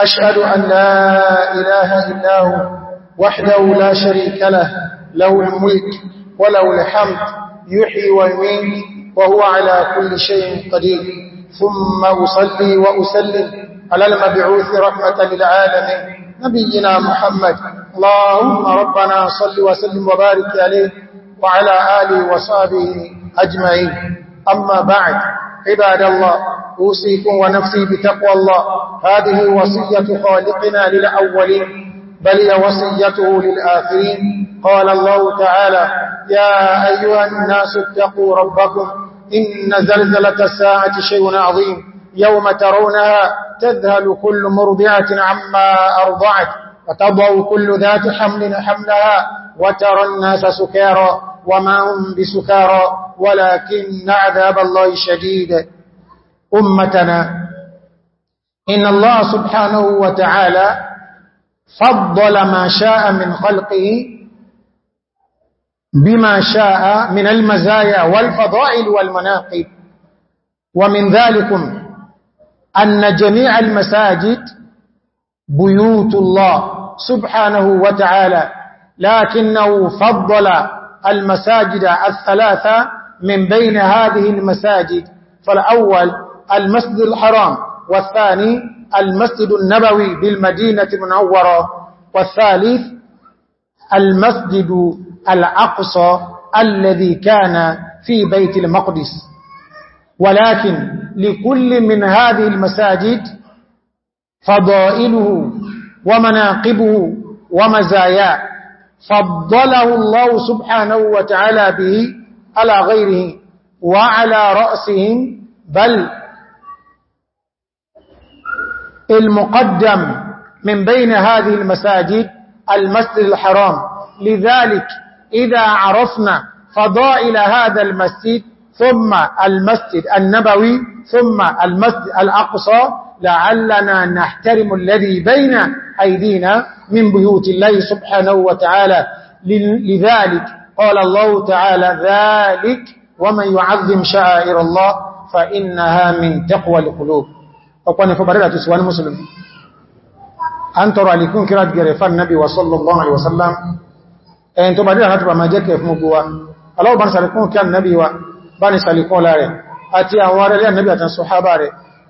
أشهد أن لا إله إلا هو وحده لا شريك له له الملك وله الحمد يحيي ويميت وهو على كل شيء قدير ثم أصلي وأسلم على المبعوث رحمة للعالمين نبينا محمد اللهم ربنا صل وسلم وبارك عليه وعلى آله وصحبه أجمعين أما بعد عباد الله أوصيكم ونفسي بتقوى الله هذه وصية خالقنا للأولين بل وصيته للآخرين قال الله تعالى يا أيها الناس اتقوا ربكم إن زلزلة الساعة شيء عظيم يوم ترونها تذهل كل مرضعة عما أرضعت وتضع كل ذات حمل حملها وترى الناس سكارا وما هم بسكارى ولكن عذاب الله شديد أمتنا إن الله سبحانه وتعالى فضل ما شاء من خلقه بما شاء من المزايا والفضائل والمناقب ومن ذلك أن جميع المساجد بيوت الله سبحانه وتعالى لكنه فضل المساجد الثلاثة من بين هذه المساجد فالأول المسجد الحرام والثاني المسجد النبوي بالمدينة المنورة والثالث المسجد الأقصى الذي كان في بيت المقدس ولكن لكل من هذه المساجد فضائله ومناقبه ومزاياه فضله الله سبحانه وتعالى به على غيره وعلى رأسهم بل المقدم من بين هذه المساجد المسجد الحرام لذلك إذا عرفنا فضائل هذا المسجد ثم المسجد النبوي ثم المسجد الأقصى لعلنا نحترم الذي بين أيدينا من بيوت الله سبحانه وتعالى لذلك قال الله تعالى ذلك ومن يعظم شعائر الله فإنها من تقوى القلوب أقوان فبريرة سوى المسلم أن ترى لكم كرات جريفة النبي صلى الله عليه وسلم أن ترى لكم ما جاك في مقوى الله بان لكم كان نبي وبان لكم لاري أتي أنوار لأن نبي أتنسوا حباري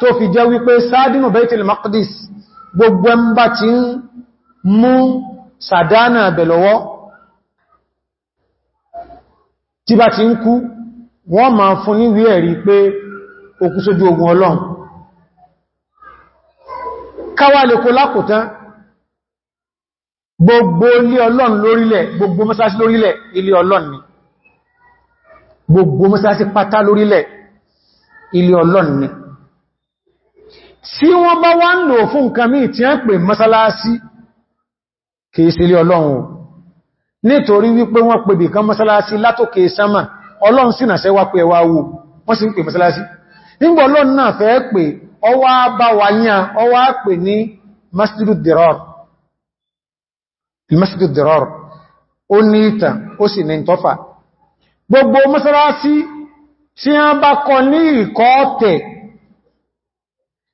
tó fi jẹ́ wípé sáàdínù Baitul Maqdis gbogbo ẹmbá ti ń mú sàdánà bẹ̀lọ́wọ́ tí bá ti ń kú wọ́n máa fún ní wí ẹ̀rí pé òkú sójú ogun Ọlọ́run káwà lè kó lákòtán gbogbo ilé Ọlọ́run lórílẹ̀ gbogbo mọ́sálásí lórílẹ̀ ilé Ọlọ́run ni gbogbo mọ́sálásí pátá lórílẹ̀ ilé Ọlọ́run ni sí wọ́n bá wá ń lò fún nǹkan mí tí a ń pè mọ́sálásí kìí sílé ọlọ́run nítorí wípé wọ́n pè bìkan mọ́sálásí látòkè sánmà ọlọ́run sí nàṣẹ́ wá pé ẹwà wò wọ́n sì ń pè mọ́sálásí nígbà ọlọ́run náà fẹ́ pè ọwá bá wà yán ọwá pè ní masjidu dirar masjidu dirar ó ní ìtàn ó sì ní tọ́fà gbogbo mọ́sálásí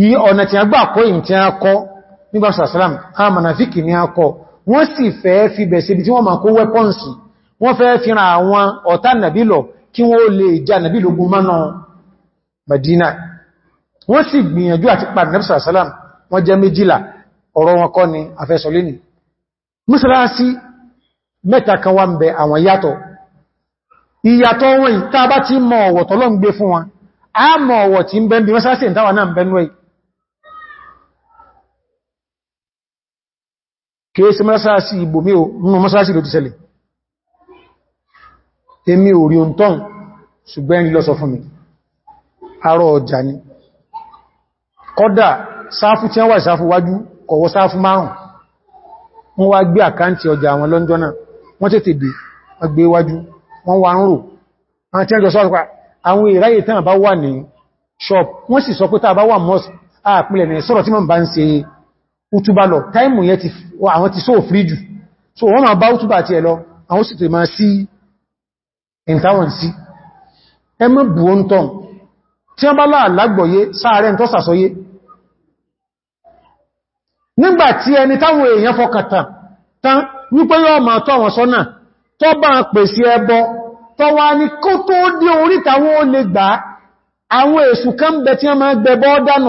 yí ọ̀nà tí a gbà kọ́ ìyìn tí a kọ́ nígbà sàsàlám àmànàfíkì ni a kọ́ wọ́n sì fẹ́ fi bẹ̀ẹ̀sẹ̀ ibi tí wọ́n ma kó wẹ́pọ́nsì wọ́n fẹ́ fi ran àwọn ọ̀tá nàbí kí wọ́n lè já nàbí Madina wọ́n sì gbìyànjú àti pàdé nàbí sàsàlám wọ́n jẹ́ méjìlá ọ̀rọ̀ ni afẹ́sọ̀lẹ́ni mọ́sálásí mẹ́ta kan wá ń bẹ àwọn yàtọ̀ ìyàtọ̀ wọn ìta bá ti mọ ọ̀wọ̀ tọ́lọ́ ń gbé fún wọn a mọ ọ̀wọ̀ tí ń bẹ ń bí mọ́sálásí ìtawà náà ń bẹ nú ẹ̀yìn kéèsí mọ́sáàsì ìbòmí o nínú mọ́sáàsì ló ti ṣẹlẹ̀ èmi ò rí ohun tán ṣùgbọ́n ẹni ló fún mi arọ ọjà ni kọ́dà sáfù tí wọ́n wà sáfù wájú kọ̀wọ́ sáfù márùn wọ́n wá gbé àkáǹtì ọjà àwọn lọ́njọ́nà wọ́n tètè dé ọgbé wájú wọ́n wá ń rò àwọn tí wọ́n sọ pé àwọn ìráyè tán bá wà ní útúbà lọ táìmù yẹ àwọn ti sóò fríjù so wọ́n máa bá útúbà àti ẹ̀lọ àwọn sì tó máa sí ìntáwọn sí ẹ mọ́ bù ó ń tọ́n tí wọ́n bá láàlágbọ̀yé sáàrẹ́ ń tọ́ sàsọyé nígbàtí ẹni táwọn èèyàn fọkàtà tán wípé yóò máa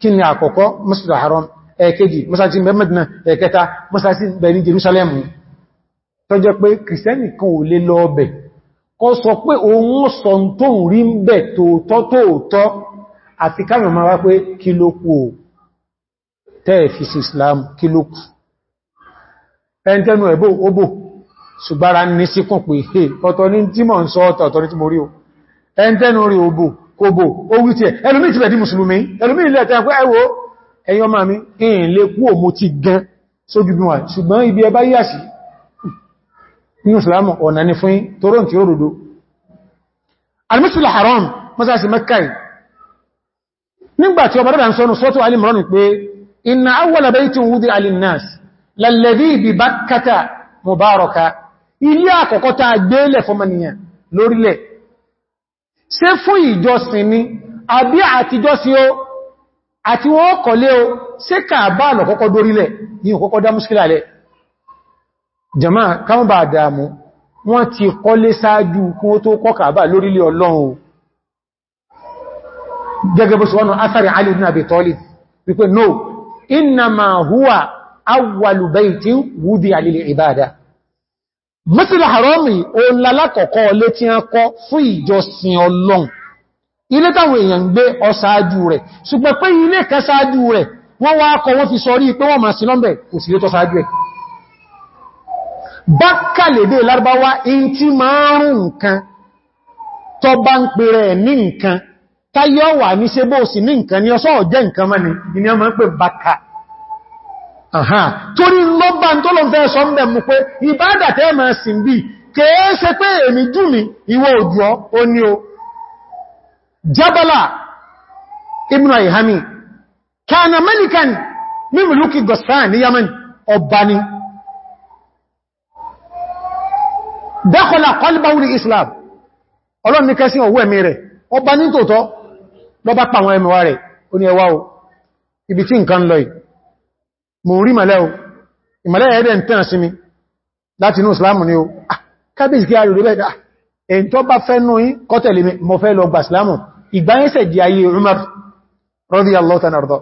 kí ni àkọ́kọ́ masjid al-haram ẹ̀kejì masalasi bẹ Mẹ́dínà ẹ̀kẹta masalasi bẹ ní Jerusalem tó jẹ́ pé kìrìsẹ́nì kan ò lè lọ ọbẹ̀ kọ́ sọ pé òun sọ tó ń rí ń bẹ̀ tòótọ́ àti káàmì Islam kí ló kù ẹntẹ́nu ẹ̀bọ́ obò ṣùgbára ní síkùn pé ọ̀tọ̀ ní kòbò owó tí ẹ̀ ẹlòmí ti bẹ̀dí mùsùlùmí ẹlòmí ilẹ̀ ẹ̀tẹ́ ẹ̀kọ́ ẹwọ́ ẹ̀yọ́ máa mi ìyìn lè kú òmò ti gan sójú bí wọ́n ṣùgbọ́n ibi ẹbá yíyàsí ní ìsìlámù ọ̀nà ni fún toró tí ó rúdó alìmísìlá haram mọ́sáàsì mẹ́kàí nígbà tí ọba dáadáa ń sọ́nu sọ́tọ̀ alìmọ́rán pé inna awwala lórílẹ̀ ṣe fún ìjọsìn ni àbí àtijọ́sí o àti wọ́n kọ̀lé o ṣe kàbà lọ kọ́kọ́ dórílẹ̀ ní òkọ́kọ́ dá múṣkílà lẹ jama káwọn bá dámú wọ́n ti kọ́lé sáájú kún ó tó kọ́ kàbà lórílẹ̀ ọlọ́run mẹ́sílẹ̀ àrọ́mì olálákọ̀ọ́kọ́ ilé tí a kọ́ fún ìjọsìn ọlọ́run ilé táwọn èèyàn gbé ọsáájú rẹ̀ ṣùgbọ́n pé ilé kẹsáájú rẹ̀ wọ́n wá kọ wọ́n fi sọrí pé wọ́n máa sí lọ́mbẹ̀ kò sí tó sáájú ẹ̀ rẹ̀ ni ọsọ́ ọ̀jẹ́ nǹkan mọ́ ni ìdíni a torí lọ́bà tó lọ fẹ́ sọ mẹ́ mú pé ìbádà tẹ́ máa sìn bí kèé ṣe pé Jabala ibn Ayhami kan american min muluki Ghassan ní Yaman ọba ni dakhala Islam ọlọ́ni ọba ní tòótọ́ ibi mo rí mẹ́lẹ́ o ìmẹ́lẹ́ ẹ̀ẹ́dẹ̀ ń tẹ́ràn sí mi láti inú ìsìlámù ni o ah, kábíyèsí kí a rí rẹ̀ èyí tó bá fẹ́ nú yí kọ́tẹ̀lé mi mo fẹ́ lọ gbà ìsìlámù ìgbáyẹ́sẹ̀ di ayé Umar radiyallahu ta'ala anhu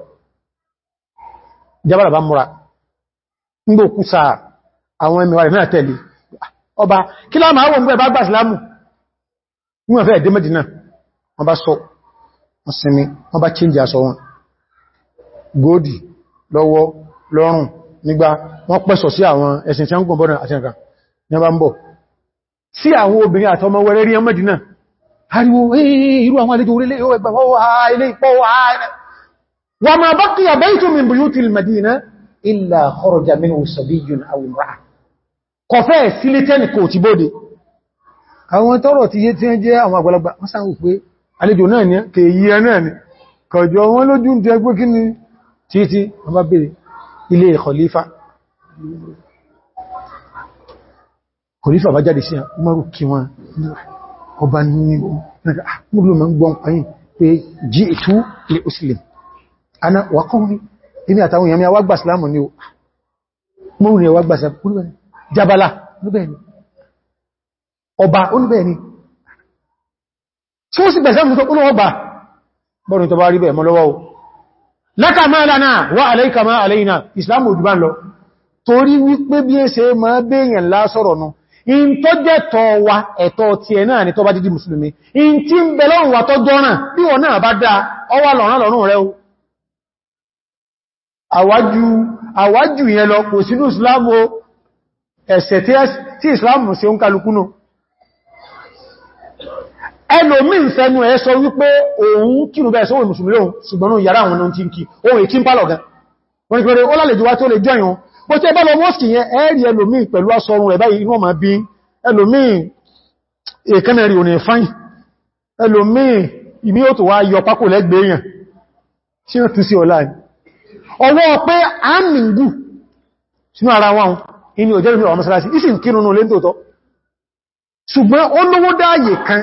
jabara bá múra ngbò kú sáà àwọn ẹmẹ̀wà rẹ̀ náà tẹ̀lé ah, ọba kí láàmà àwọn ọmọ ẹ̀bá gbà ìsìlámù wọ́n fẹ́ ẹ̀dẹ́ Mẹ́dínà wọ́n bá sọ lọ́wọ́ lọ́rùn nígbà wọ́n pẹ̀sọ̀ sí àwọn ẹ̀sìn tí a ń gùn bọ́dún àti ẹ̀kan ní ọba ń bọ̀ sí àwọn obìnrin àti ọmọ wẹ̀rẹ̀ rí ẹmọ́dínà ariwo irú àwọn àlejò orílẹ̀ yóò ẹgbà wa ma baqiya baytun min buyutil madina illa kharaja minhu sabiyyun aw imra'a kọfẹ́ sílé tẹ́nì kò ti bóde àwọn tọ́rọ̀ ti yé tí ń jẹ́ àwọn àgbàlagbà wọ́n bèèrè ilé ìkọlífà kòlífà bá jáde sí Umaru kí wọn ọba ní múlù ah, ma ń gbọ́n pàyín pé jí ètú lè òsìlè ana wakọ́ rí ibi àtàwọn èèyàn mi awágbà sílámù ni o mọ́rún ni awágbà sílámù jabala níbẹ̀ẹ̀ni ọba oníbẹ̀ẹ̀ni tí ó sì bẹ̀ẹ̀ sáàmù tó kúrò ọba bọ́rin tó bá rí bẹ̀ẹ̀ mọ́ lọ́wọ́ laka ma lana wa alayka ma alayna islam ojuban lọ torí wípé bí ẹsẹ ma bẹ́yàn lásọ̀rọ̀ nù in tó jẹ́ tọ́ wa ẹ̀tọ́ ti ẹ̀ náà ni tó bá dídí musulmi in tí ń bẹ lọ́rùn wa tó jọ́nà bí wọ́n náà bá dá ọwà lọ́rán lọ́rùn ẹlòmí ń fẹnu ẹ̀ sọ wípé òun kírù bẹ́ẹ̀ sọ́wọ́ ìmùsùlùmí lóhun ṣùgbọ́n yàrá àwọn ohun tí ń kí ohun èkí ń pàlọ̀gá wọ́n ni pẹ̀lú ó lálejò wá tó lè jọyàn bó tí ẹ bá lọ mọ́sìkì yẹn ẹ́rì ẹlòmí pẹ̀lú asọrun ẹ̀ báyìí wọ́n máa bí ẹlòmí èkánẹ̀rì òní fáyìn ẹlòmí ìmí ó tó wá yọ pákó lẹ́gbẹ̀ẹ́ èèyàn tí ó tún sí ọlá ṣùgbọ́n ó lówó kan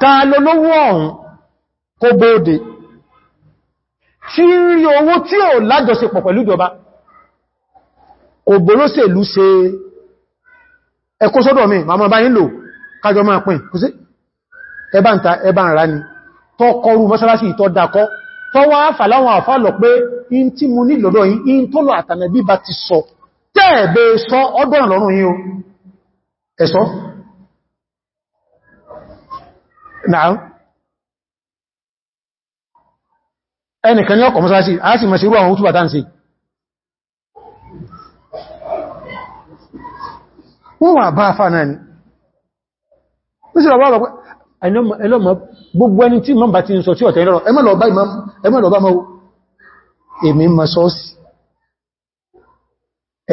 ta lólówó ọ̀hún kó bóòdè tí ń rí owó tí ò lájọsepọ̀ pẹ̀lú ìjọba kò bólóṣèlú ṣe ẹkó sọ́dọ̀ mi ma mọ́ bá yín lò kájọ máa pín kú sí ẹbá ń ta ẹbá ń rá ni tọ́ kọrù mọ́sálásí ìtọ́ dákọ́ tọ́ wá fàláwọn àfá lọ pé in tí mo ní lọ́dọ̀ yín in tó lọ àtànàbí bá ti sọ tẹ́ẹ̀bẹ̀ sọ ọdọ́rùn lọ́rùn yín o ẹ̀sọ́ náà ẹnìkan ní ọkọ̀ mọ́sálásí a sì mẹ́sí irú àwọn òtúbà tán sí wọ́n wà bá fà náà ni ní sí ọ̀bá ọ̀pẹ́ ẹlọ́mọ gbogbo ẹni tí mọ́mbà ti ń sọ tí ọ̀tẹ̀ ìrọ̀rọ̀ ẹmọ́lọ̀bá mọ́ èmi mọ́ sọ́ọ̀sì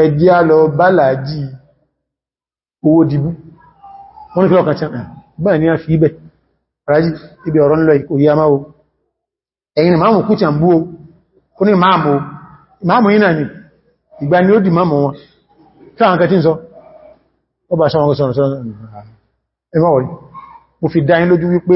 ẹ̀dí alọ́ bá làájì owó dìbú wọ́n ní kílọ̀kà tíyàn ah, báyìí ni a fi ibẹ̀ rájí ibi ọ̀rọ̀ nílọ ìkòrí a máa o ẹ̀yìn ni máàmù kútíyàn bú o ó ní máàmù o máàmù yínà ni ìgbà ni ó dì máàmù wọn tí àwọn kẹtí ń sọ ó bá sọ wọn sọ̀rọ̀ ẹ má wọ̀rí mo fi dá yín lójú wípé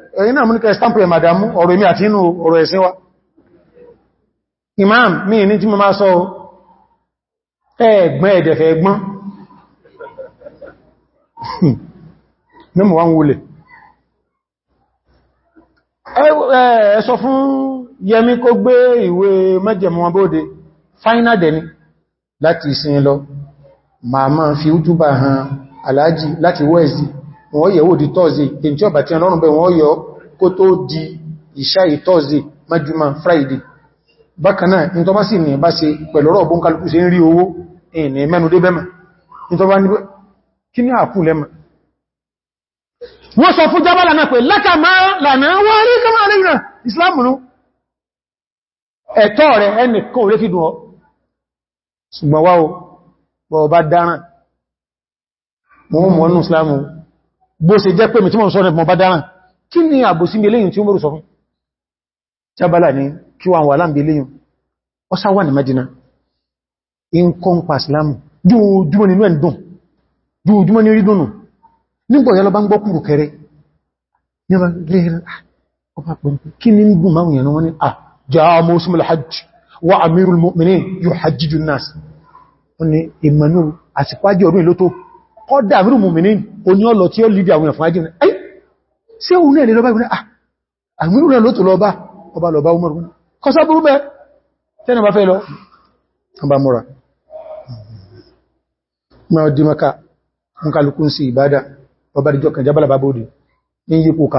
ẹ̀yìn náà múnikẹ́ stamp rẹ̀ madamu ọ̀rọ̀ èmi àti inú ọ̀rọ̀ ẹ̀sìn imam mi ní tí mo máa sọ ẹ̀ẹ̀gbọ́n ẹ̀dẹ̀fẹ̀ ẹ̀gbọ́n ní mọ̀ wá ń wulẹ̀ ẹ sọ fún Yẹmí kó gbé ìwé mẹ́jẹ̀mọ́ bóde final dẹni láti ìsin lọ màá máa fi útúbà han aláàjì láti wẹ́ẹ̀sì wọ́n yẹ̀wò di tọ́ọ̀zì èyí tí ọba tí ọlọ́run bẹ̀ wọ́n yọ kó tó di ìṣá ìtọ́ọ̀zì májúmá friday bákanáà ní tọ́bá sì ní bá ṣe pẹ̀lú ọ̀rọ̀ ọ̀bọ̀n kálukú ṣe ń rí owó ìní mẹ́nu dé bẹ́mà ní tọ́bá ní kí ní àkú lẹ́mà wọ́n sọ fún jábálà náà pé láka máa lànà bó ṣe jẹ́ pé mi tí mọ̀ sọ́nà mọ̀ bá dáran kí ni àbòsí mi léyìn tí ó mọ́rù sọ fún jábálà ní kí wọ́n wà láàmì léyìn ọ sáwà ní Madina in kọ́npa islamu jùújúmọ́ nínú ẹ̀ndùn jùújúmọ́ ní rí dùnnù nígbọ̀ yálọ bá ń gbọ́ kúrù kẹrẹ ah, kí ni ń gùn máwùn yẹnu kọ́dà àmìrù mùmìnín oní ọlọ tí ó lìdí àwọn ẹ̀fún ajírin ẹ́ sí òun náà lè lọ bá ìwọ̀n àmìrù ah, náà ló tó lọ bá ọba lọ bá umaru kọsá burú bẹ́ tẹ́nà bá fẹ́ lọ ọba múra máa dí maka nkàlùkún sí ìbádà ọba díjọ kan jábàlá bá bóòdì ọkùnrin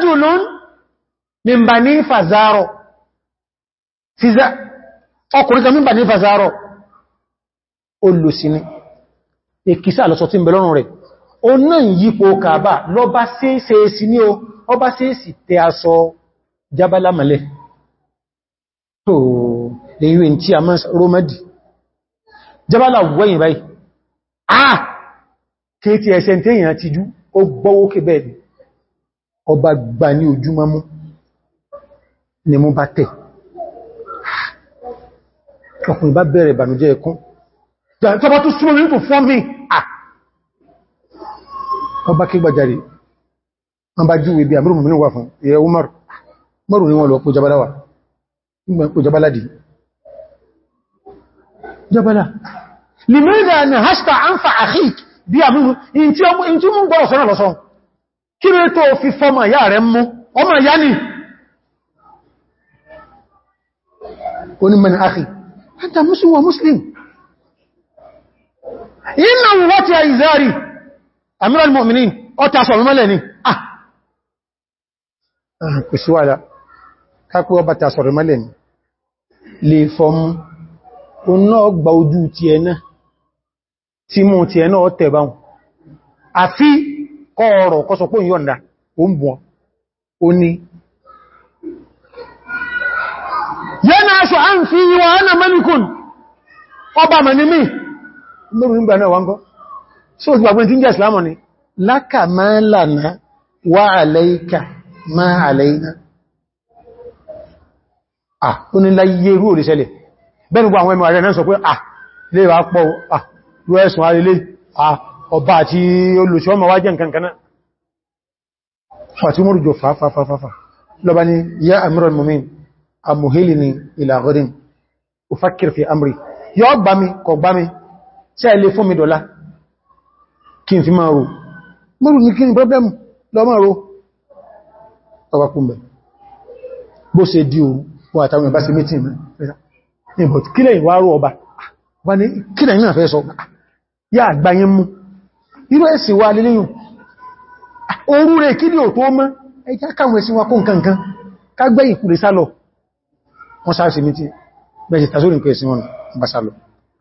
kan mímbà ní fàzárọ̀ olùsìní èkìsà lọ́sọ tí ń bẹ lọ́rùn rẹ̀ o náà yípo kàbà lọ bá séèsì ní o ọ bá séèsì tẹ aṣọ jábálá mẹ́lẹ̀ tó lèyí in tí a mọ́ rómẹ́dì jábálá wẹ́yìn báyìí ah kéèkì ẹsẹ̀ tí èyàn ti jú ó gbọ́wó kébẹ̀ ọba gbà ní ojúmọ́ mú ni mú bá tẹ̀ ọkùnrin bá bẹ̀rẹ̀ ìbànújẹ́ ẹkún tọba tó súnmọ́ nínú fún mi ọba kí gbàjàrí wọn bá jú ibi àmìrùn mìíràn wà fún ìyẹ Umar mọ́rù ní wọn lọ pò jabaláwà pò jabaládì jabalá lèmẹ́rẹ́ àni hashta an fa àhík bí àmìrùn in tí mú gbọ́rọ̀ sọ́nà lọ́sọ́ kí ni tó fi fọ́mà yà rẹ̀ mú ọmọ yà ní onímọ̀ ni àhí Anta Muslim wa Muslim iná wọ́n ti àìzẹ́rì amiral mu'minin ọta sọ̀rọ̀ mọ́lẹ̀ ni ah, ah kò síwádá kápẹ́ ọba ta sọ̀rọ̀ mọ́lẹ̀ ni lè fọmú o náà gba ojú ti ẹ̀nà tí mú ti ẹ̀nà ọ̀tẹ̀ báhùn àfi kọ́ ọ̀rọ̀ kọ́ ọba mẹ́ni mìí lórí nígbà náà wọ́n gọ́ so ti gbàgbé tí ń jẹ́ ìsìlámọ̀ ni láka máa lànà wà àlẹ́ìkà máa àlẹ́ìná à ó ní láyé rú òrìṣẹ́lẹ̀ bẹ́nu àwọn ẹmọ ààrẹ náà sọ pé à lè wà pọ̀ à rú ẹ̀sùn àrẹlẹ́ ọba àti olùṣọ́mọ̀ wá jẹ́ nkankaná fàtí mọ́rù jọ fàfàfàfà ṣe ilé fún mi dọ̀lá kí n fi máa ro mọ́rún ní kí ní pọ́blẹ́mù lọ máa ro ọwàkúnbẹ̀ bó ṣe di òru wọ́n àtàwọn ìbá sí mítìn ìbọ̀ kí lẹ́yìn wá rú ọba wà ní kí lẹ́yìn náà fẹ́ sọ yá àgbáyé mú irú ẹ̀sì wà lẹ́yìn orú rẹ̀ kí ní òtó mọ́ ẹjá wọ́n sáré sí mítìn bẹ́ẹ̀ sì tàṣórí nǹkan ẹ̀sìn bá sálọ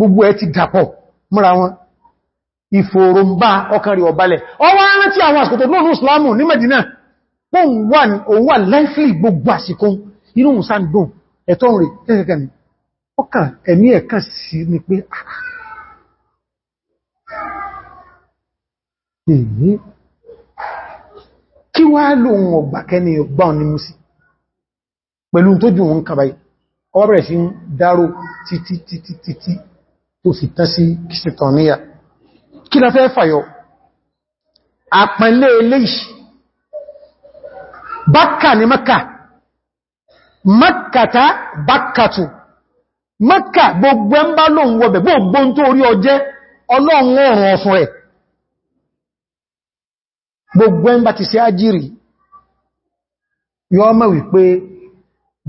gbogbo ẹ ti dàpọ̀ mọ́ra wọn ìfòròmbá ọkàrí ọ̀balẹ̀ ọwọ́ arántí àwọn àsìkò tó náà ní islamu ní Medina pọ́n wà láìfìlì gbogbo àsìkò inú sàndùn ẹ̀tọ́ rẹ̀ kẹ́kẹ́kẹ́ ni ọkà ẹ̀mí ẹ̀kà sí ni pé ah, ah, ah. kí wá lóhun ọgbà kẹni ọgbà ní musi tó fi tán sí kìsìtọ̀níyà kí la fẹ́ fàyọ àpẹẹlẹ́ eléyìí bákà ní maka makata bakatu maka gbogbo ẹ ń bá lóun wọbẹ̀ gbogbo tó orí ọjẹ́ ọlọ́run ọ̀rùn ọ̀fún ẹ̀ gbogbo ẹ ń bá ti ṣe ájírì yọ mọ̀ wípé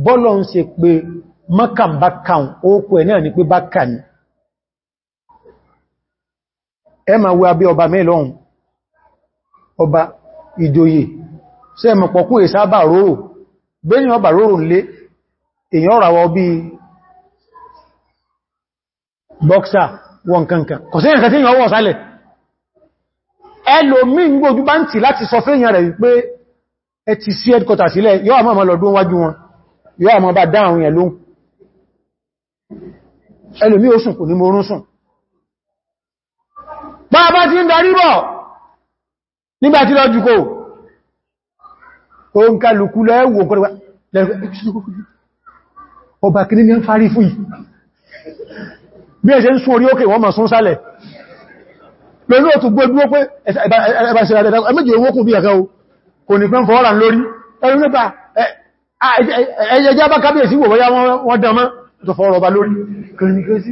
bọ́lọ̀ ń ṣe pé maka bákàun ẹ̀ náà ní pé bákà ni ẹ ma wé abẹ́ ọba mẹ́lọ́un ọba ìjòyè sí ẹmọ̀ pọ̀kún èsábà róró bẹ́ni ọba róró lé èyàn ràwọ bí bọ́ksà wọn kankan kò sí ẹ̀kẹ́ tí yàn wọ́ sálẹ̀ ẹlòmí ń gbójú bá ń tì láti sọ fẹ́ yàn rẹ̀ wípé ẹ ti sí ẹdkọta sílẹ̀ yọ́ àmọ́ ọmọ bá bá ti ń darí bọ̀ nígbàtí lọ jùkó o ń kálùkú lọ ẹwò kọ́lẹ̀wà ọba kìí ní ń farí fún yìí bí ẹ̀ṣẹ́ ń sún orí òkè wọ́n ma sún sálẹ̀ lórí òtù gbogbo pé ẹbàṣẹ́ Tọ̀fọ́ ọ̀rọ̀ ọba lórí, kìrìnìkìrì sí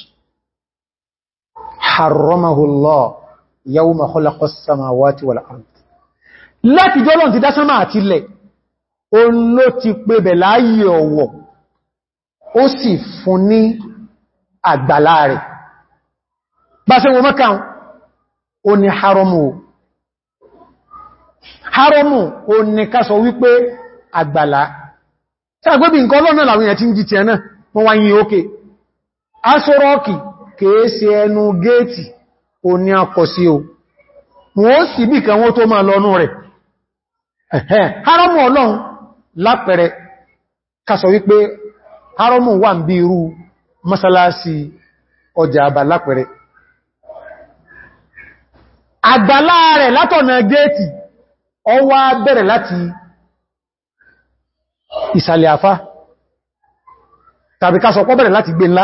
harramahu Allah yawma khalaqa as-samawati wal ard láti jọ́lọ́n ti dásánmà àti ilẹ̀ o ló ti pé bẹ̀ láyé ọ̀wọ̀ ó sì fún ní àgbàlá rẹ̀ bá ṣe wọ́n mọ́kàn o ni haramu haramu o ni kásọ wípé àgbàlá tí nǹkan ọlọ́nà làwọn èèyàn ti ń jí ti ẹ̀nà wọ́n wáyé ókè asọ́rọ́ọ̀kì kèé ẹnu géètì o ní akọ̀ sí o wọ́n ó sì bí kan wọ́n tó máa lọ́nú rẹ̀ haramu ọlọ́run lápẹẹrẹ kásọ̀ wípé haramu wà ń bí irú masalasi ọjà àbà lápẹẹrẹ àgbàlá rẹ̀ látọ̀nà géètì ó wá bẹ̀rẹ̀ láti ìsàlẹ̀ àfá tàbí kásọ̀ pọ́ bẹ̀rẹ̀ láti gbé ńlá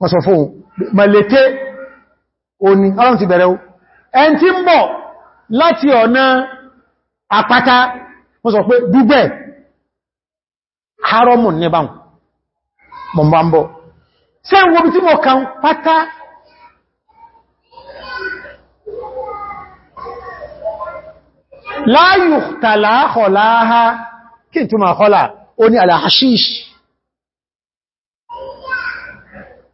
wọ́n sọ fún mẹ́lẹ̀tẹ́ òní ọlọ́run ti bẹ̀rẹ̀ o ẹn tí ń bọ̀ láti ọ̀nà àpáta wọ́n sọ pé dúgbẹ̀ haramun ní báhùn mọ̀mbá ń bọ̀ ṣe ń wọ́bí tí mọ̀ kan pátá láyùtàláhọ̀láha kí n tó kọ́lá ó ní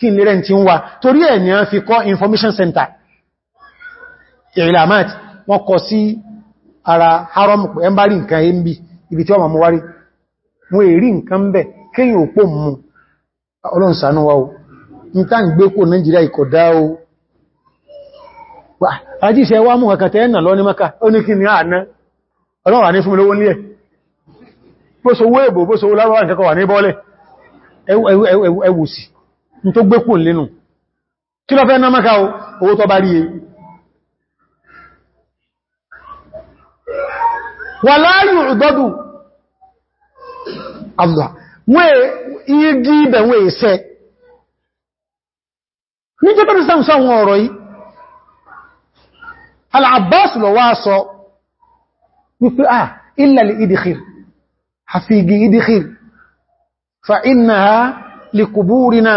kí ní rẹ̀ tí ń wà torí ẹ̀ ni a fi kọ́ information center ìrìnàmáà wọ́n kọ sí ara haram rí nǹkan ẹmbí ibi tí wọ́n mọ̀ wárí wọ́n èrí nǹkan bẹ̀ kíyàn òpó mú ọlọ́nsànú wa o ní tá ń gbé kò o ní tó gbépò lénù kí lọ fẹ́ ná mẹ́ka owó tọ́ bá rí e wà láàrin ìgbọ́dù àbúrà wọ́n igi ibẹ̀ wọ́n èsẹ́ ní jẹ́ tọ́rọ sáwọn sáwọn ọ̀rọ̀ yìí al lọ wá sọ wípé à ah, illa li àfi igi idkhir fa innaha li kuburina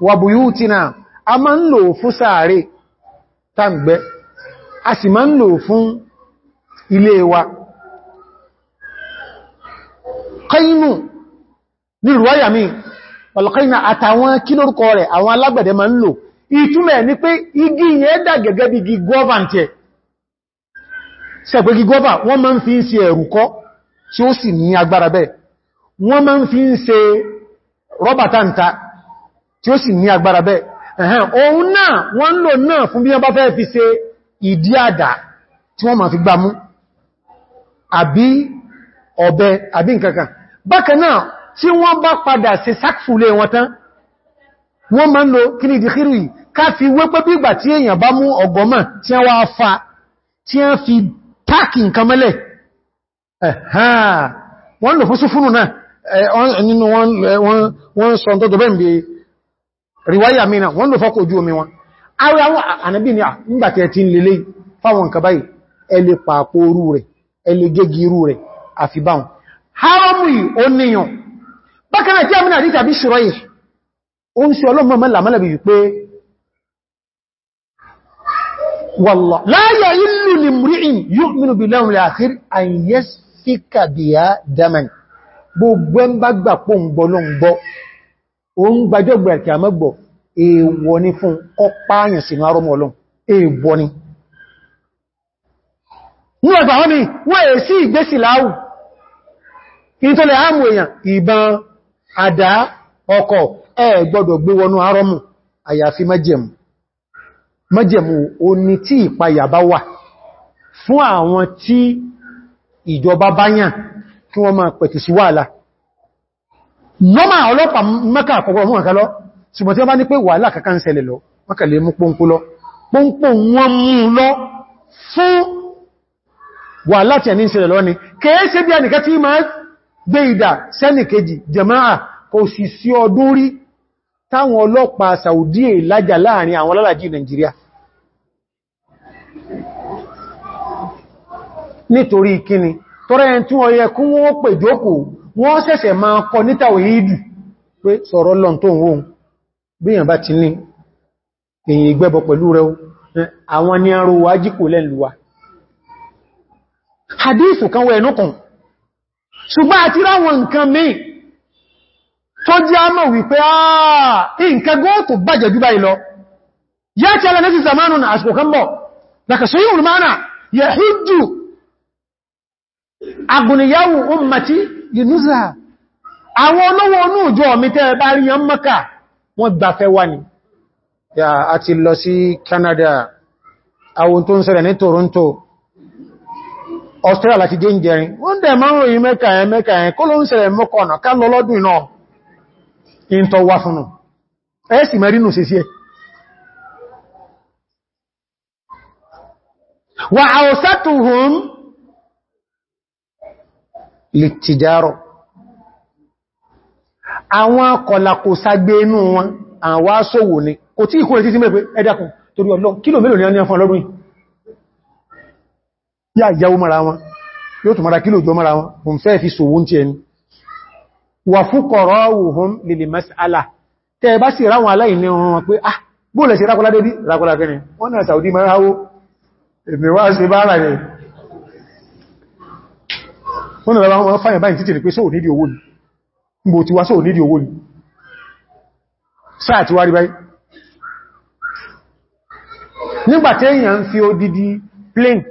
wà buyútina a ma ń lò fún sàárè tàǹgbẹ́ a sì ma ń lò fún ilé wa kaimu ní ìrúwáyà mi ọ̀lọ́kaina àtàwọn kílórúkọ rẹ̀ àwọn alágbẹ̀dẹ ma ń lò ìtumẹ̀ ní pé igi yẹn dà gẹ́gẹ́ bí igi gọ́ọ̀bà tẹ́ sẹ́pẹ́ igi gọ́ọ̀bà wọ́n ma ń fi ń ṣe ẹ̀rùkọ́ tí ó sì ní agbára bẹ́ẹ̀ wọ́n ma ń fi ń ṣe rọ́bàtántà tí ó sì ní agbára bẹ́ ẹ̀hẹ́n òun náà wọ́n lò náà fún bí wọ́n bá fẹ́ fi ṣe ìdí àdá tí wọ́n ma fi gbá mú àbí ọ̀bẹ àbí nǹkankan bákan náà tí wọ́n bá padà ṣe sákfúlé wọn tán wọ́n ma ń lo kí ni ìdíkírù yìí ká fi wépé bí ìgbà tí èèyàn bá mú ọgọ́mọ̀ tí wọ́n wá fa tí wọ́n fi páàkì nǹkan mẹ́lẹ̀ wọ́n lò fún súnfúnnù náà wọ́n sọ tó tó bẹ́ẹ̀ riwaya mina wọ́n lo fọ́kò ojú omi wọn ara wọn ànábì ní àgbàtẹ̀ tí ń lélé fáwọn nǹkan báyìí ẹlẹ pàpò orú rẹ̀ ẹlẹ gẹ́gì irú rẹ̀ àfibáhùn haramu yìí ó níyàn bákanáà tí a mìnà àdíkà bí ṣùrọ̀ yìí ó ń ṣe ọlọ́mọ gbogbo ẹn bá gbà pò ń gbọ́ ló o ń gbajọ́gbà ẹ̀kẹ́ àmọ́gbọ̀ èèwọ̀ ni fún kọpáyàn sínú arọ́mọ̀ ọlọ́run èèwọ̀ ni ní ọ̀pá wọn ni wọ́n èé sí ìgbésì láàwù kí tó lè áàmù èèyàn ìbọn àdá ọkọ̀ ẹ gbọ́dọ̀ gbé wọnú arọ́mù àyàfi májẹ̀mú májẹ̀mú nọ́mà ọlọ́pàá mẹ́kà àkọ́gbọ́ ọmọ ọ̀kẹ́ lọ ṣùgbọ́n tí ó bá ní pé wàhálà kankan ń ṣẹlẹ̀ lọ mọ́kànlẹ̀ mú pọ́npó lọ pọ́npó wọn mú lọ fún wàhálà tí ẹni ń ṣẹlẹ̀ lọ ni kẹ́ẹ́ṣẹ́ bí ẹnìkẹ́ tí máa gbé ìdà sẹ́nìkejì jẹmáà kò Saudi lájà láàrin àwọn lálàjì Nàìjíríà nítorí kíni tọ́rẹ́ ẹni tí wọ́n yẹ kún wọ́n pè jókòó wọ́n ṣẹ̀ṣẹ̀ máa kọ nítàwò ìdù pé sọ̀rọ̀ lọ́n tó ń wọ́n bíyàn bá ti ní èyìn ìgbẹ́bọ̀ pẹ̀lú rẹ̀ eh, àwọn ni arò wá jíkò lẹ́lúwà hadithu kan wọ ẹnu kan ṣùgbọ́n àti ráwọn nǹkan mí tó jẹ́ àmà wípé ah, nǹkan góòtò bàjẹ́ jù ti yìnúzà àwọn olówó onú òjò ọ̀mí tẹ́ bá rí yan mọ́kà wọ́n gbàfẹ́ wà ní àti lọ sí Canada àwọn tó ń ṣẹlẹ̀ ní Toronto Australia láti dé ìjẹrin wọ́n dẹ̀ máa ń ròyìn mẹ́kà ẹ̀ mẹ́kà ẹ̀ kó ló ń ṣẹlẹ̀ mọ́kànà ká lọ lọ́dún náà in tọ́ àwọ̀sátùhùn lìtìjárọ̀ àwọn akọ̀làkò sàgbé inú wọn àwọn aṣòwò ni kò tí ìkún ètí sí mẹ́ pé ẹ̀dàkùn torí ọlọ́ kílò mélòó ni a ní ẹfún ọlọ́run yà yàwó mara wọn yóò tó mara kílò jọ mara wọn òun fẹ́ fi ṣòwò ti ẹni wà fúkọ̀rọ̀ òhun lèlè mas'ala tẹ́ bá sì ráwọn aláìní wọn pé ah Saudi mara hawo èmì wá sí wọ́n lọ wọ́n fáyà báyìí títì rí pé sóò nídi owó ni mbò tí wá sóò nídi owó ni sáà ti wá rí báyìí nígbàtí èyàn ń fi odidi plane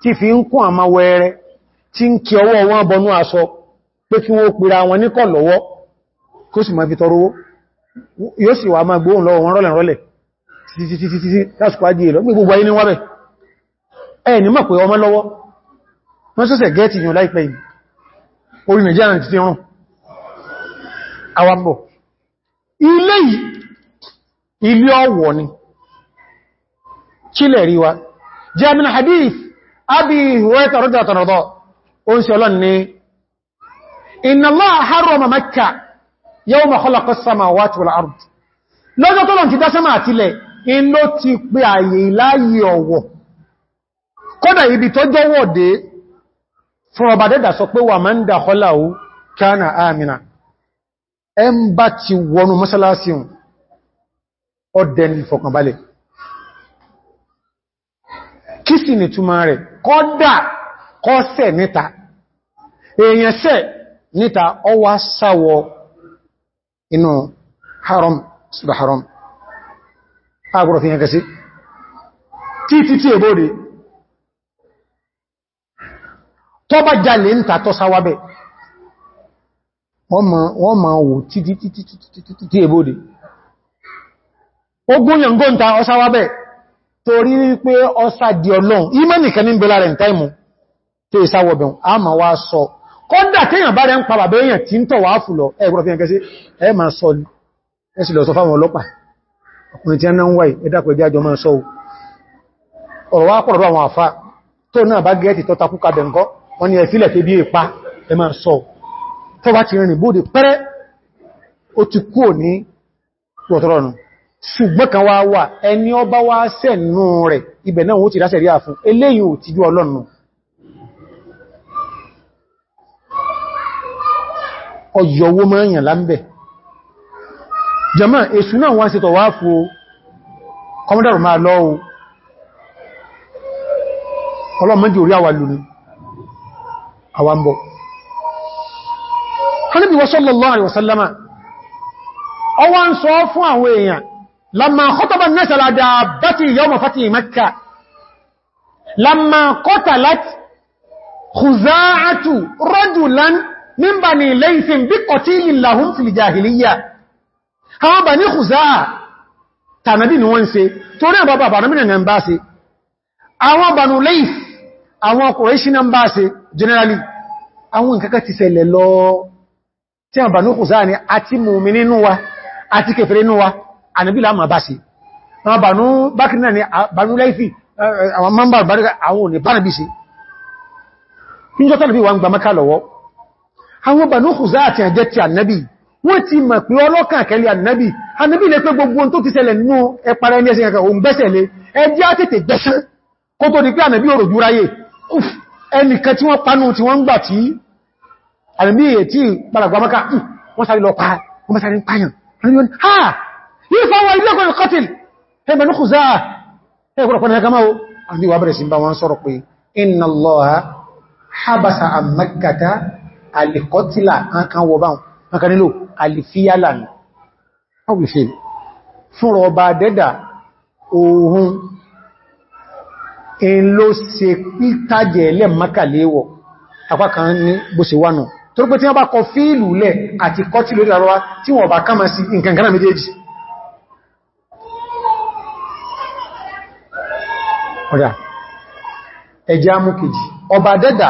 ti fi ń kún àmà wẹ́ẹ̀rẹ́ tí ń kí ọwọ́ wọn bọnú aṣọ pé kí wọ́n pèrà wọn ní kọ̀lọ́wọ́ kó sì máa fi tọrọ owó yóò sì wà máa gbóhùn lọ́wọ́ wọn rọ́lẹ̀ rọ́lẹ̀ títí títí títí lásùkwájí èlò gbogbo ayé ní wábẹ̀ ẹ̀ ní mọ̀ pé ọmọ lọ́wọ́ wọ́n sọ́sẹ̀ gẹ́ẹ̀tì yàn láìpẹ́ yìí orí Nàìjíríà ti fi hàn àwàbọ̀ ilé yìí ilé ọwọ̀ ni kílẹ̀ ríwá jẹ́ min hadith abi huwaita rọ́dà tọ̀rọ̀dọ̀ o ń se ọlọ́n ni inna Allaha harrama Makka yawma khalaqa as-samawati wal ard lọ́jọ́ tó lọ́n ti dá sẹ́mà àtílẹ̀ in ló ti pé àyè láyé ọ̀wọ̀ kódà ibi tó dé fún ọba dẹ́dà sọ pé wà máa ń dà kọ́lá ó kánà àmìnà ẹ ń bá ti wọnú mọ́sálásí hùn ọdẹni ìfọ̀kànbalẹ̀ kí sì ní túnmà rẹ̀ kọ́dà kọ́sẹ̀ níta èèyàn níta ọwá sáwọ inú haram sílẹ̀ haram agbọ̀rọ̀ fi yẹn kẹsí títí tí èbóde tó bá jalè ń tàtọ́ sáwábẹ̀ wọ́n ma wò títí títí títí ebóde ogun yàn góǹta ọsáwábẹ̀ torí wípé ọsá di ọlọ́run ìmánìkan ní bẹ̀lá rẹ̀ táìmù tó ìsáwọ̀bẹ̀ a ma wá sọ kọ́dà téèyàn bá rẹ̀ ń pa bàbá èèyàn tí ń tọ̀ wá fù lọ ẹgbọ́n fi ẹnkẹ́ sí ẹ ma sọ ẹ sì lọ sọ fáwọn ọlọ́pàá ọkùnrin tí a náà ń wáyé ẹ àwọn àfá tó náà bá gẹ́ẹ̀tì tọ́takú kabẹ̀ wọ́n ni ẹ̀fílẹ̀ tẹ́ bí ipa ẹ máa sọ tó bá ti rìn bóde pẹ́rẹ́ ó ti kú ò ní pọ̀tọ́rọ̀nù ṣùgbọ́n kan wá wà ẹni ọba wá sẹ́nu rẹ̀ ibẹ̀ náà ó ti rásẹ̀ rí àfún eléyìí ò ti jú ọlọ́nu ọ̀yọ̀wó máa ọlọ́mọdé orí àwàlú ni àwambọ̀. Hannabi sallallahu alaihi wasallama, ọwá ń sọ fún àwọn èèyàn, lamma kọtaba nẹ́sàlá da bátí yawma fati Makka, lamma qatalat khuza'atu rajulan min bani laythin bí qatilin lahum fil jahiliya. Àwọn bani khuza'a tànàbí ni wọ́n ṣe, torí àbábà bàbà náà mìíràn ń bá ṣe. Àwọn bani layth, àwọn Quraysh náà ń bá ṣe, generally àwọn nǹkankan ti ṣẹlẹ̀ lọ tí a bànú kùsáà ni a ti mùmí nínú wa a ti kèfèrè nínú wa ànàbílà àmà bá sí àwọn bànú bákìrínà ni bànú láìfì àwọn mọ́mbà bàríkà àwọn òní bánàbí sí níjọ́ tánàbí wa ń gba mẹ́kà lọ́wọ́ àwọn ẹnìkan tí wọ́n panú tí wọ́n ń gbà tí àrìbí ètí gbàràgbà maka hmm, wọ́n sáré lọ pa wọ́n sáré ń pààyàn ha ìfọwọ́ ilé ọkọ̀ ìkọtìl ẹgbẹ̀ ní kùzá ẹgbẹ̀rẹ̀ pẹ̀lú ẹgbẹ̀mọ́ àti wà bẹ̀rẹ̀ sí bá wọn sọ̀rọ̀ pé inna Allaha habasa an Makkata in ló se pítàjẹ̀ ilẹ̀ makalewọ̀ apákan ní bó se wánà tó rí pé tí wọ́n bá kọ fíìlù lẹ̀ àti kọtí lórí àrọwá tí wọ́n bá kámà sí nkankaná méjèèjì ọ̀dá ẹjẹ́ amúkèjì ọba dẹ́dà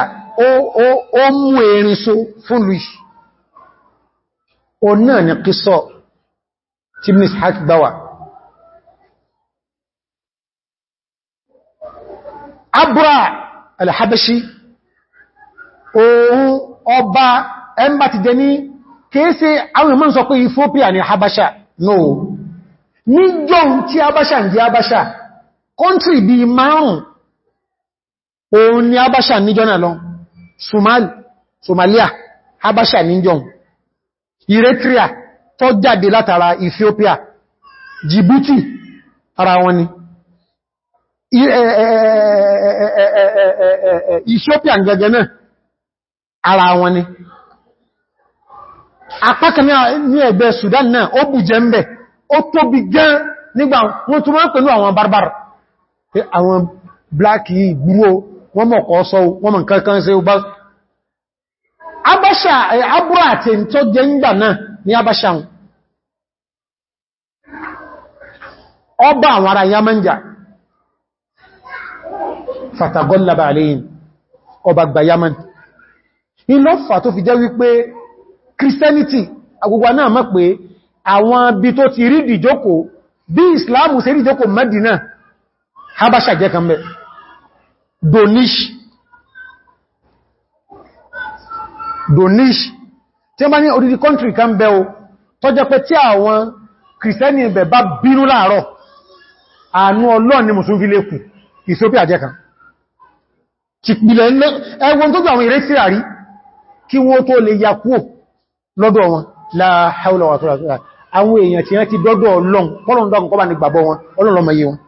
ó mú erin so fún louis o náà ni kí sọ tí miss abúrà alhabashi ohun ọba ẹmbà ti jẹ ní kéèsè àwọn ìmọ̀ sọ pé Ethiopia ni habasha no ní jọun tí habasha nke habasha kọ́ntrí bí márùn Ohun ni habasha ní jọna lọ Somali Somalia habasha ní jọun Eritrea tó jáde látara Ethiopia Djibouti ara wọn ni Ethiopia gẹ̀gẹ̀ náà ara wọn ni apákan ní ẹgbẹ́ Sudan náà ó bù jẹ mẹ́ ó tóbi gan nígbà wọ́n tún wọ́n pẹ̀lú àwọn barbar àwọn black yìí gbúrò wọ́n mọ̀ sọ wọ́n mọ̀ kankan sí ọba abáṣà abúrò àti ìntọ́ jẹ ńgbà náà ní abáṣà ọba àwọn ará yamanja fàtàgọ́lába àlẹ́yìn ọba gba yaman ìlọ́fà tó fi jẹ́ wípé christianity agbogbo náà mọ̀ pé àwọn bí tó ti rí dìjókò bí islamu ṣe rí dìjókò Madina habasha jẹ́ kan bẹ́ donish donish tí a bá ní odidi country kan bẹ́ o tó jẹ́ pé tí àwọn christianity bẹ̀ bá bínú láàárọ̀ àánú Ọlọ́run ni mùsùlùmí lékù Ethiopia jẹ́ kan ti pìlẹ̀ ńlọ ẹgbọ́n tó gbàwọn ìrẹsì àrí kí wọ́n tó lè ya kúò lọ́dọ̀ wọn la hawla wa quwwata illa billah àwọn èèyàn tí wọ́n ti dọ́dọ̀ ọlọ́n pọ́lọ̀n dọ́gùn kọ́ bá ní gbàgbọ́ wọn ọlọ́lọ́mọ yé wọn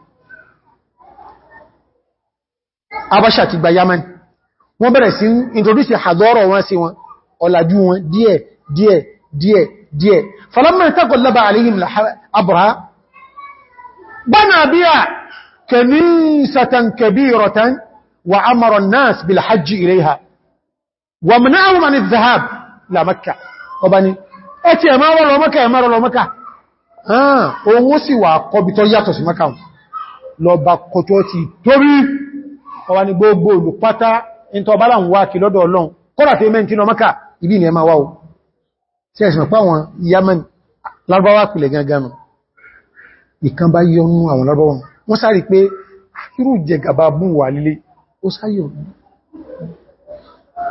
Abasha ti gba Yaman wọ́n bẹ̀rẹ̀ sí introduce hadọ́rọ̀ wọn sí wọn ọ̀làjú díẹ̀ díẹ̀ díẹ̀ díẹ̀ falamma taqallaba alayhim abra bana biya kanisatan kabiratan وأمر الناس بالحج إليها ومنعهم عن الذهاب إلى مكة ọbani ẹ̀tí ẹ̀má wọ́lọ mọ́kà ẹ̀má rọlọ mọ́kà àà ohun sì wà kọbi tó yàtọ̀ sí mọ́kà lọ bá kọtọ́ ti torí ọwani gbogbo olùpátá ìntọ́ bá láwọn wá kí lọ́dọ̀ ọlọ́run kọ́rà tí mẹ́ntí lọ mọ́kà ibi ni ẹ̀má wáwó sí ẹ̀sìn pá wọn Yaman lárúbáwá pìlẹ̀ ganganu ìkan bá yọnu àwọn lárúbáwá wọn sáré pé ah, irú jẹ gàbà bùn wà lílé ó sáyò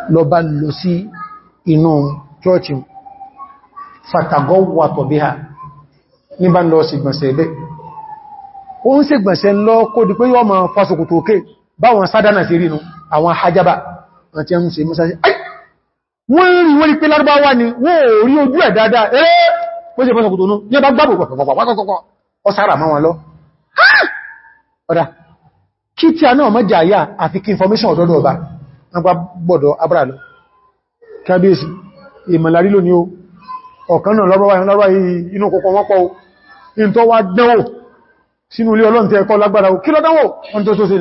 lọ bá lọ sí inú chọ́ọ̀chì fàtàgọ́wà tọ̀bí ha ní bá lọ sí gbọ̀nsẹ̀ ẹ̀bẹ́ ó ń sì gbọ̀nsẹ̀ lọ kó di pé yọ́ ma fásokòtò òkè báwọn sádánà sí rínú àwọn hajjaba àti ẹmú sí mọ́sá wọ́n rí wọ́n rí pé lárúbáwá ni wọ́n ò rí ojú ẹ̀ dáadáa eré ó sì fásokòtò ní ọba kí tí a náà mọ́jà yá àfi kí information ọ̀dọ́dọ̀ ọba nípa gbọ́dọ̀ abúrálọ kábíyèsí ìmọ̀lárí lónìí o ọ̀kan náà lọ́rọ̀ inú kòkò wọ́pọ̀ o in tó wá dánwò sínú ilé ọlọ́ntẹ ẹ̀kọ́ lágbára o kí lọ dánwò wọ́n tó tó sí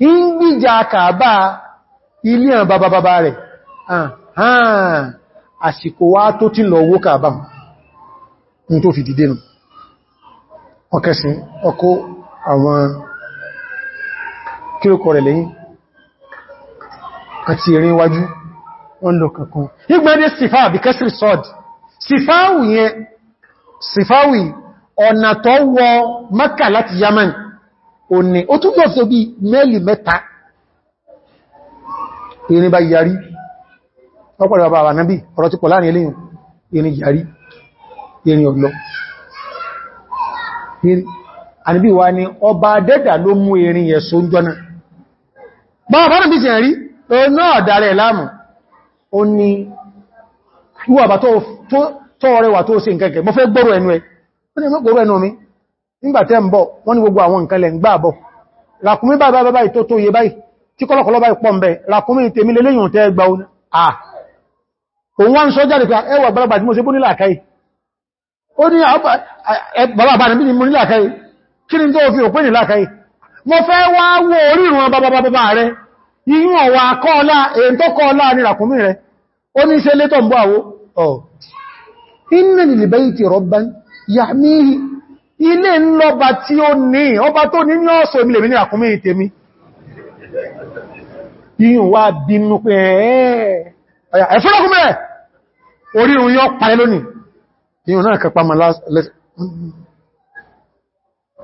ní gbíjà kàbá ilé àn bàbá bàbá rẹ̀ àsìkò wá tó ọkẹsìn ọkọ̀ àwọn kírókọ rẹ̀ lẹ́yìn àti ìrìn iwájú wọ́n lò kankan nígbàdé sífà bí kẹsìrì sọ́d sífáwì yẹn sífáwì ọ̀nà tó wọ Mẹ́kà láti Yaman òní ó tún yọ́sọ bí mẹ́lì mẹ́ta ìrìn bá yàrí ọpọ̀lọ̀ bàbá àwọn anábì ọ̀rọ̀ ti pọ̀ láàrin eléyìn ìrìn yàrí ìrìn àníbí wa ni ọba dẹ́dà ló mú erin yẹ so ń jọna báwọn bára bí sí ẹ̀rí ọ̀nà ọ̀dàrẹ̀ láàmù ó ní wà bá tó rẹwà tó ṣe nkẹ́kẹ́ mọ́ fẹ́ gbọ́rọ̀ ẹnu ẹ wọ́n ni gbọ́rọ̀ ẹnu mi nígbàtẹ́ ń bọ̀ wọ́n ni gbogbo àwọn nǹkan lẹ̀ ń gbà bọ̀ ràkúnmí báyìí báyìí tó tó yẹ báyìí tí kọ́lọ̀kọ́lọ́ ah òun wá ń sọ jáde pé ẹwà bàbá àti mo ṣe bó nílà káyì kí ni tó fi òpin ìlàkàí mo fẹ́ wá wo orírun babababa rẹ inú ọ̀wà kọ́ọ̀lá èyí tó kọ́ọ̀lá ní ràkúnmí rẹ ó ní ṣe létọ̀ mbọ́ àwó ọ̀ inna lil bayti rabban yahmihi ilé ńlọba tí ó ní ọba tó ní ní ọ̀sọ̀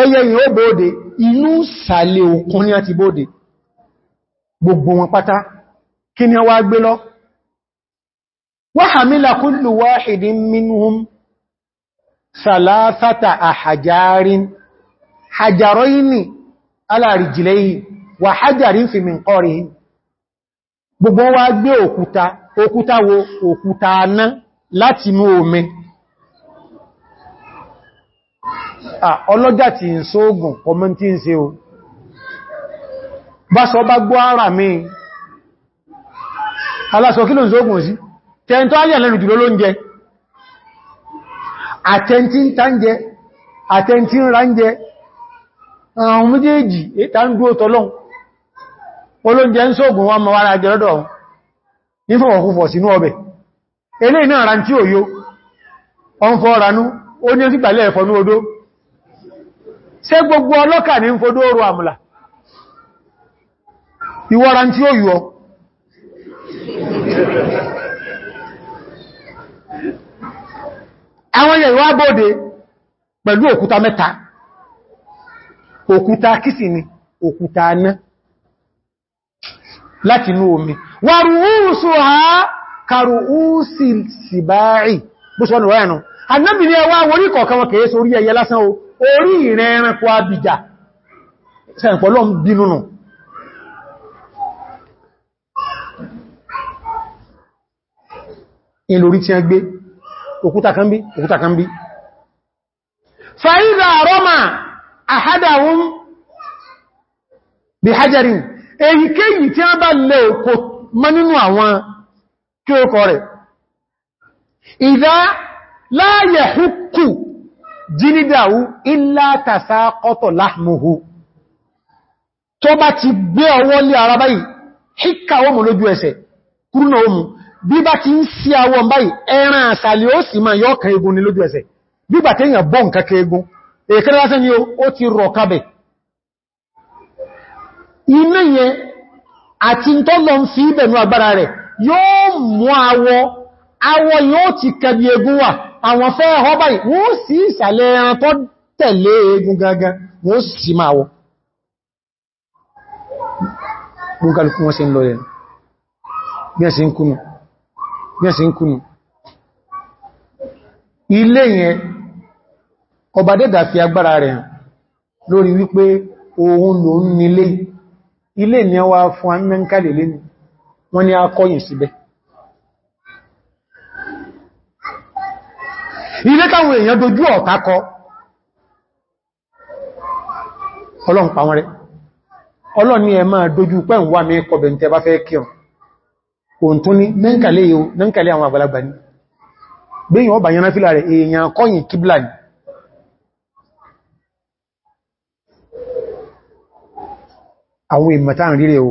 ẹyẹ yìí ó bóòdè inú sàlẹ̀ òkun ní àti bóòdè gbogbo wọn pátá kí ni wá gbé lọ wa hamila kullu wahidin minhum salasata ahajarin hajaroini ala rijlayhi wa hajarin fi minqarihi gbogbo wá gbé òkúta òkúta wo òkúta aná láti omi ọlọ́jà tí ń sóògùn ọmọ tí ń ṣe o bá sọ bá gbọ́ ara mi aláṣọ kí ló ń sóògùn sí tẹ́ntọ́ ayà lẹ́nu jùlọ ló ń jẹ àtẹ́ntí ń tánjẹ àtẹ́ntí ń ránjẹ àwọn méjèèjì ètà ń dúó tọ́lọ́n olóúnjẹ ń sóògùn wọn mọ̀wára jẹ́rọ́dọ̀ ní fọ̀wọ̀kúfọ̀ ó ní ó sì pàlẹ́ odó ṣe gbogbo ọlọ́kà ní fodó oró àmúlà ìwọ́ra tí ó yọ àwọn yẹ̀ ìwá bóde pẹ̀lú òkúta mẹ́ta òkúta kìsì ni òkúta aná láti inú omi wàrùúsù ha kàrùúsì sìbáì bó ṣọ́nà wáyànà annabi ni ẹwà wọn ní kọ̀ọ̀kan wọn kèé sórí ẹyẹ lásán o orí ìrìn ẹranko abìjà sẹ́ǹpọ̀lọ́ ń bínú nù ìlórí tí a gbé òkúta kan bí òkúta kan bí fàíza rọ́mà àhádàun bí hajjarin èyíkéyìí tí a bá lè kò mọ́ nínú àwọn kí ó kọ rẹ̀ ìdá láyẹ̀ hukú jínídàú ilá tàṣà ọ̀tọ̀ láhmùhù tó bá ti gbé ọwọ́ lé ara báyìí híkà ọmọ lójú ẹsẹ̀ kúrúnà ọmọ bí bá ti ń sí awọ báyìí ẹran àsàlẹ̀ ó sì máa yọ́ egun ní lójú ẹsẹ̀ bígbà tí èyàn bọ́ nǹkan kan ni o ti àwọn fẹ́ ọ̀họ́ báyìí wọ́n sí ìsàlẹ̀ ẹran tó tẹ̀lé egun gangan wọ́n sì máa wọ́ gbogbo wọ́n sí ń lọ yẹn bí ẹ̀sìn kúnnù bí ẹ̀sìn kúnnù ilé yẹn ọba dẹ́dà fi agbára rẹ̀ lórí wípé òun lòun nílé ilé ni wọ́n fún anẹ́ńkàlẹ̀ lẹ́nu wọ́n ni akọ́yìn síbẹ̀ ilé káwọn èèyàn dojú ọ̀tá kọ ọlọ́run pa wọn rẹ̀ ọlọ́run ni ẹ máa dojú pẹ́ ń wà mí kọbẹ̀ ní tẹbá fẹ́ kí ọ òun tó ní mẹ́ǹkàlẹ̀ yóò àwọn àgbàlagbà ní gbéyàn ọba yaná fílà rẹ̀ èèyàn kọ́yìn kíblà ní àwọn ìmọ̀ta rírẹ̀ o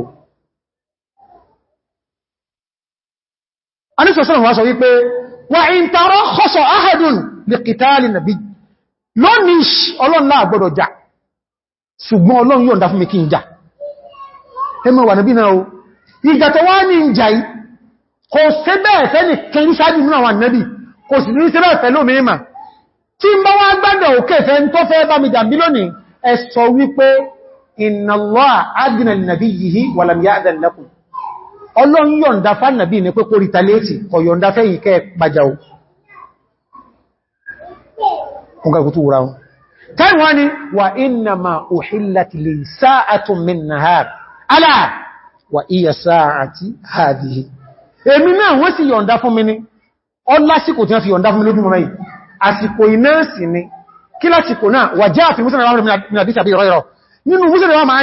a ní sọ sọ́rọ̀ sọ wípé وإن ترخص أحد لقتال النبي lónìí ọlọ́run náà gbọ́dọ̀ jà ṣùgbọ́n ọlọ́run yọ̀ǹda fún mi kí n jà ẹmọ wà níbí náà o ìjà tó wá ní ìjà yìí kò sí bẹ́ẹ̀ fẹ́ni kẹrì sáájú nínú àwọn ànẹ́bì kò ọlọ́run yọ̀nda fánàbí ní pé kó rí tàlétì kọ̀ yọ̀nda fẹ́yìn kẹ́ pàjáwó ọgbàgbùtù wùra wọn tẹ́wọ́n ni wà innama uhillati li sa'atun min nahar alá wà iya sa'ati hadhihi èmi náà wọ́n sì yọ̀nda fún mi ní ọlásìkò tí wọ́n fi yọ̀nda fún mi lójúmọ́ mẹ́yìn àsìkò iná sì ni kí lásìkò náà wà jẹ́ àfihàn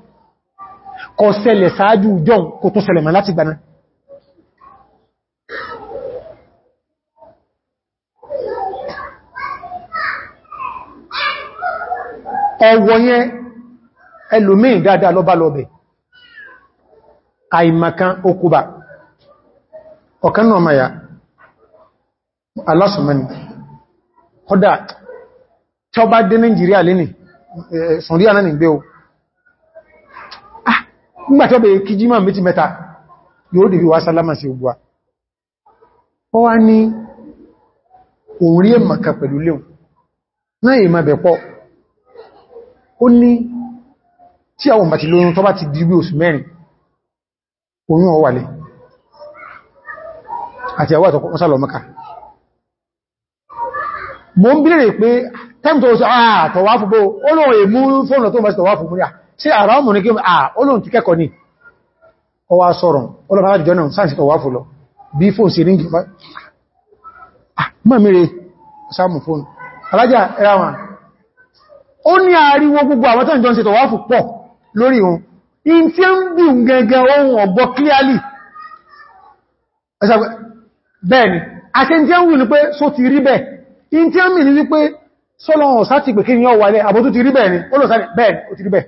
kò ṣẹlẹ̀ sáájú john kò tó ṣẹlẹ̀ mọ́ láti gbaná ọwọ́ yẹn ẹlòmíì dáadáa lọ bá lọ́bẹ̀ àìmàkan okùbà ọ̀kan náà ma ya alásùmọ́ni kọ́dá tí ó bá dé Nàìjíríà lẹ́nì eh, sọ̀ríà náà nìgbé o nígbàtọ́bẹ̀ kí jímọ̀ méjì mẹ́ta yóò dìbí wá sálámà sí ogun wa ọ wá ní orí ẹ̀màkà pẹ̀lú léun náà èmà bẹ̀pọ̀ ó ní tí àwọn bàtí lóyún tó bá ti dìbí oṣù mẹ́rin oyún ọ wàlẹ̀ àti àwọn àtọ̀kọ́ sálọ sí àrá ọmọ ní kí à olóhun ah, ti kẹ́kọ̀ọ́ ní ọwá sọ̀rọ̀ olóhun àjọ náà sáàsì tọ̀wà fún lọ bí fóòn sí ríngì ah, mọ́ mire sáàmù fóòn alájá ẹra wọn ó ní àríwọ gbogbo àwọn tó ń jọ ń pọ̀ lórí ohun ọ̀gbọ́ clearly bẹ́ẹ̀ni àṣẹ tí ń wù ní pé só ti rí bẹ́ẹ̀ in tí ń mì ní wípé sọ́lọ́wọ̀n sátì pé kí ni ọ wà lẹ́ rí bẹ́ẹ̀ ni ó lọ sáré bẹ́ẹ̀ ó ti rí bẹ́ẹ̀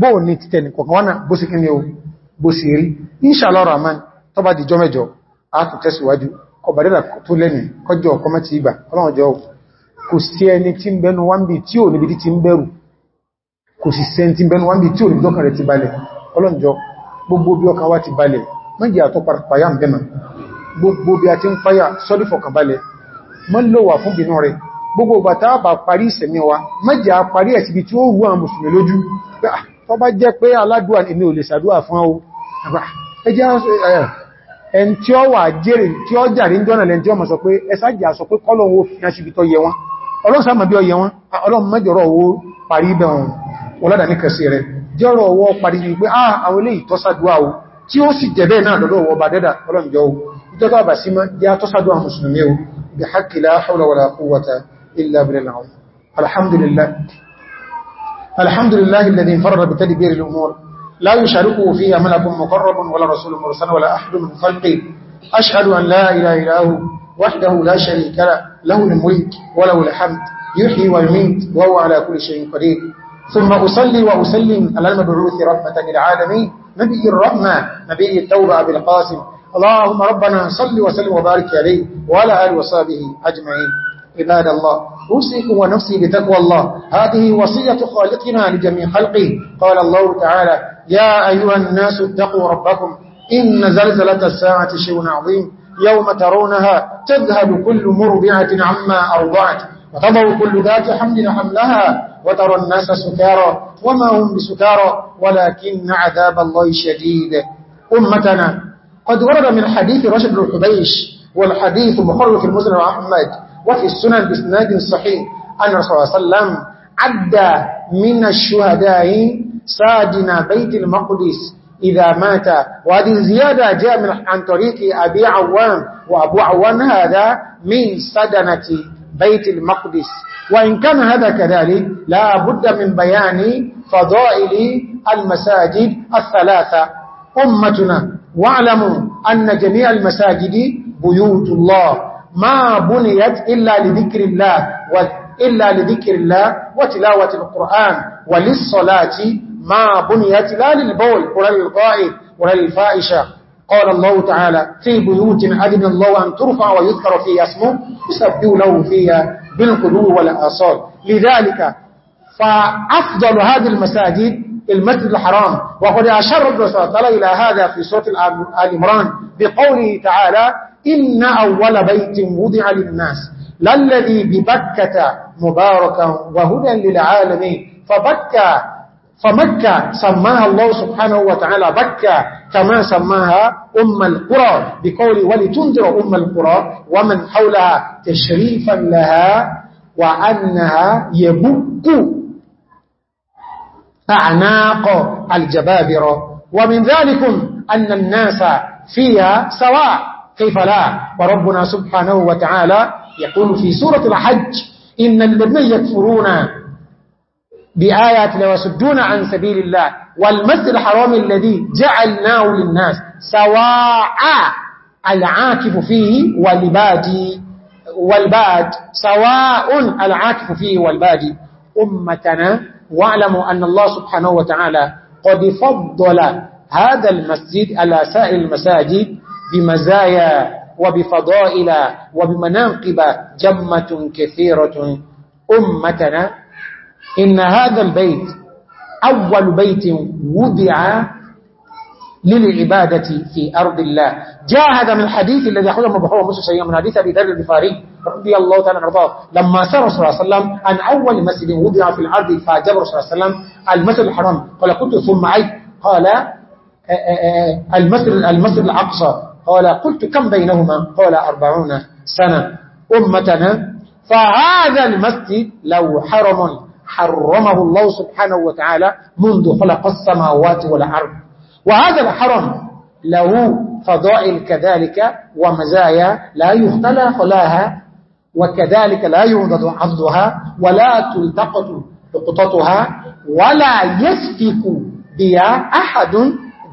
bó ní títẹ̀ ní kọ̀kọ̀wọ́nà bó sì kíni o bó sì rí inshallah rahman tó bá dìjọ́ mẹ́jọ a tún tẹ̀síwájú kọbàdẹ́là tó lẹ́ni kọjọ ọkọmọ́ ti ìgbà ọlọ́ọ̀jọ́ kò sí ẹni tí ń bẹnu wá ń bí tí ò níbi tí ń bẹ̀rù kò sì sẹ́ tí ń bẹnu wá ń bí tí ò níbi tọ́kàn rẹ̀ gbogbo bí ọkàn parí ìsẹ̀mí wa mọ́jì à parí ẹ̀sìbi tí ó rú àwọn mùsùlùmí lójú pé ah tó bá jẹ́ pé aládùà èmi ò lè sàdúà fún ọ ẹn tí ó wà jẹ́rẹ̀ tí ó jà rí ń jọ́nà lẹ́n tí ó mọ̀ sọ pé ẹsàjì àsọ pé kọ́lọ̀wó fi aṣíbi tọ́ yẹ wọn ọlọ́sàmà bí ọ yẹ wọn ọlọ́mọjọ́rọ̀ owó parí ibẹ̀ wọn ọlọ́dà ní kẹsì rẹ̀ jọ́rọ̀ owó parí wípé ah, àwọn ilé ìtọ́sàdúà tí ó sì jẹ́ bẹ́ẹ̀ náà lọ́dọ̀ ọwọ́ bá dẹ́dà ọlọ́njọ́ ìjọba bá sí máa jẹ́ àtọ́sàdúà mùsùlùmí o bí haqqi la hawla wala quwwata illa billah alhamdulillah الحمد لله الذي انفرد بتدبير الأمور لا يشاركه فيها ملك مقرب ولا رسول مرسل ولا أحد من خلقه أشهد أن لا إله إلا هو وحده لا شريك له له الملك وله الحمد يحيي ويميت وهو على كل شيء قدير ثم أصلي وأسلم على المبعوث رحمة للعالمين نبي الرحمة نبي التوبة أبي القاسم اللهم ربنا صل وسلم وبارك عليه وعلى آل وصحبه أجمعين عباد الله أوصيكم ونفسي بتقوى الله هذه وصية خالقنا لجميع خلقه قال الله تعالى يا أيها الناس اتقوا ربكم إن زلزلة الساعة شيء عظيم يوم ترونها تذهب كل مربعة عما أرضعت وتضع كل ذات حمل حملها وترى الناس سكارى وما هم بسكارى ولكن عذاب الله شديد أمتنا قد ورد من حديث رشد الحبيش والحديث مخرج في المسلم أحمد وفي السنن بإسناد صحيح أن رسول الله صلى الله عليه وسلم عدى من الشهداء سادنا بيت المقدس إذا مات وهذه الزيادة جاء من عن طريق أبي عوام وأبو عوام هذا من سدنة بيت المقدس وإن كان هذا كذلك لا بد من بيان فضائل المساجد الثلاثة أمتنا واعلموا أن جميع المساجد بيوت الله ما بنيت إلا لذكر الله وإلا لذكر الله وتلاوة القرآن وللصلاة ما بنيت لا للبول ولا للقائد ولا للفائشة قال الله تعالى في بيوت أذن الله أن ترفع ويذكر فيها اسمه يسبه له فيها بالقلوب والآصال لذلك فأفضل هذه المساجد المسجد الحرام وقد أشار ربنا صلى الله عليه إلى هذا في سورة العمران بقوله تعالى إن أول بيت وضع للناس للذي ببكة مباركا وهدى للعالمين فبكة فمكة سماها الله سبحانه وتعالى بكة كما سماها أم القرى بقول ولتنذر أم القرى ومن حولها تشريفا لها وأنها يبك أعناق الجبابرة ومن ذلك أن الناس فيها سواء كيف لا وربنا سبحانه وتعالى يقول في سورة الحج إن الذين يكفرون بآياتنا وسدون عن سبيل الله والمسجد الحرام الذي جعلناه للناس سواء العاكف فيه والبادي والباد سواء العاكف فيه والبادي أمتنا واعلموا أن الله سبحانه وتعالى قد فضل هذا المسجد على سائر المساجد بمزايا وبفضائل وبمناقب جمة كثيرة أمتنا إن هذا البيت أول بيت وضع للعبادة في أرض الله جاء هذا من الحديث الذي أخذ مبهوة مسلم سيئة من حديث أبي ذر الغفاري رضي الله تعالى رضاه لما سار صلى الله عليه وسلم عن أول مسجد وضع في الأرض فأجبر صلى الله عليه وسلم المسجد الحرام قال كنت ثم عيد قال آه، آه، آه، المسجد, المسجد الأقصى قال قلت كم بينهما قال أربعون سنة أمتنا فهذا المسجد لو حرم حرمه الله سبحانه وتعالى منذ خلق السماوات والأرض وهذا الحرم له فضائل كذلك ومزايا لا يختلى خلاها وكذلك لا يوجد عضها ولا تلتقط لقطتها ولا يسفك بها أحد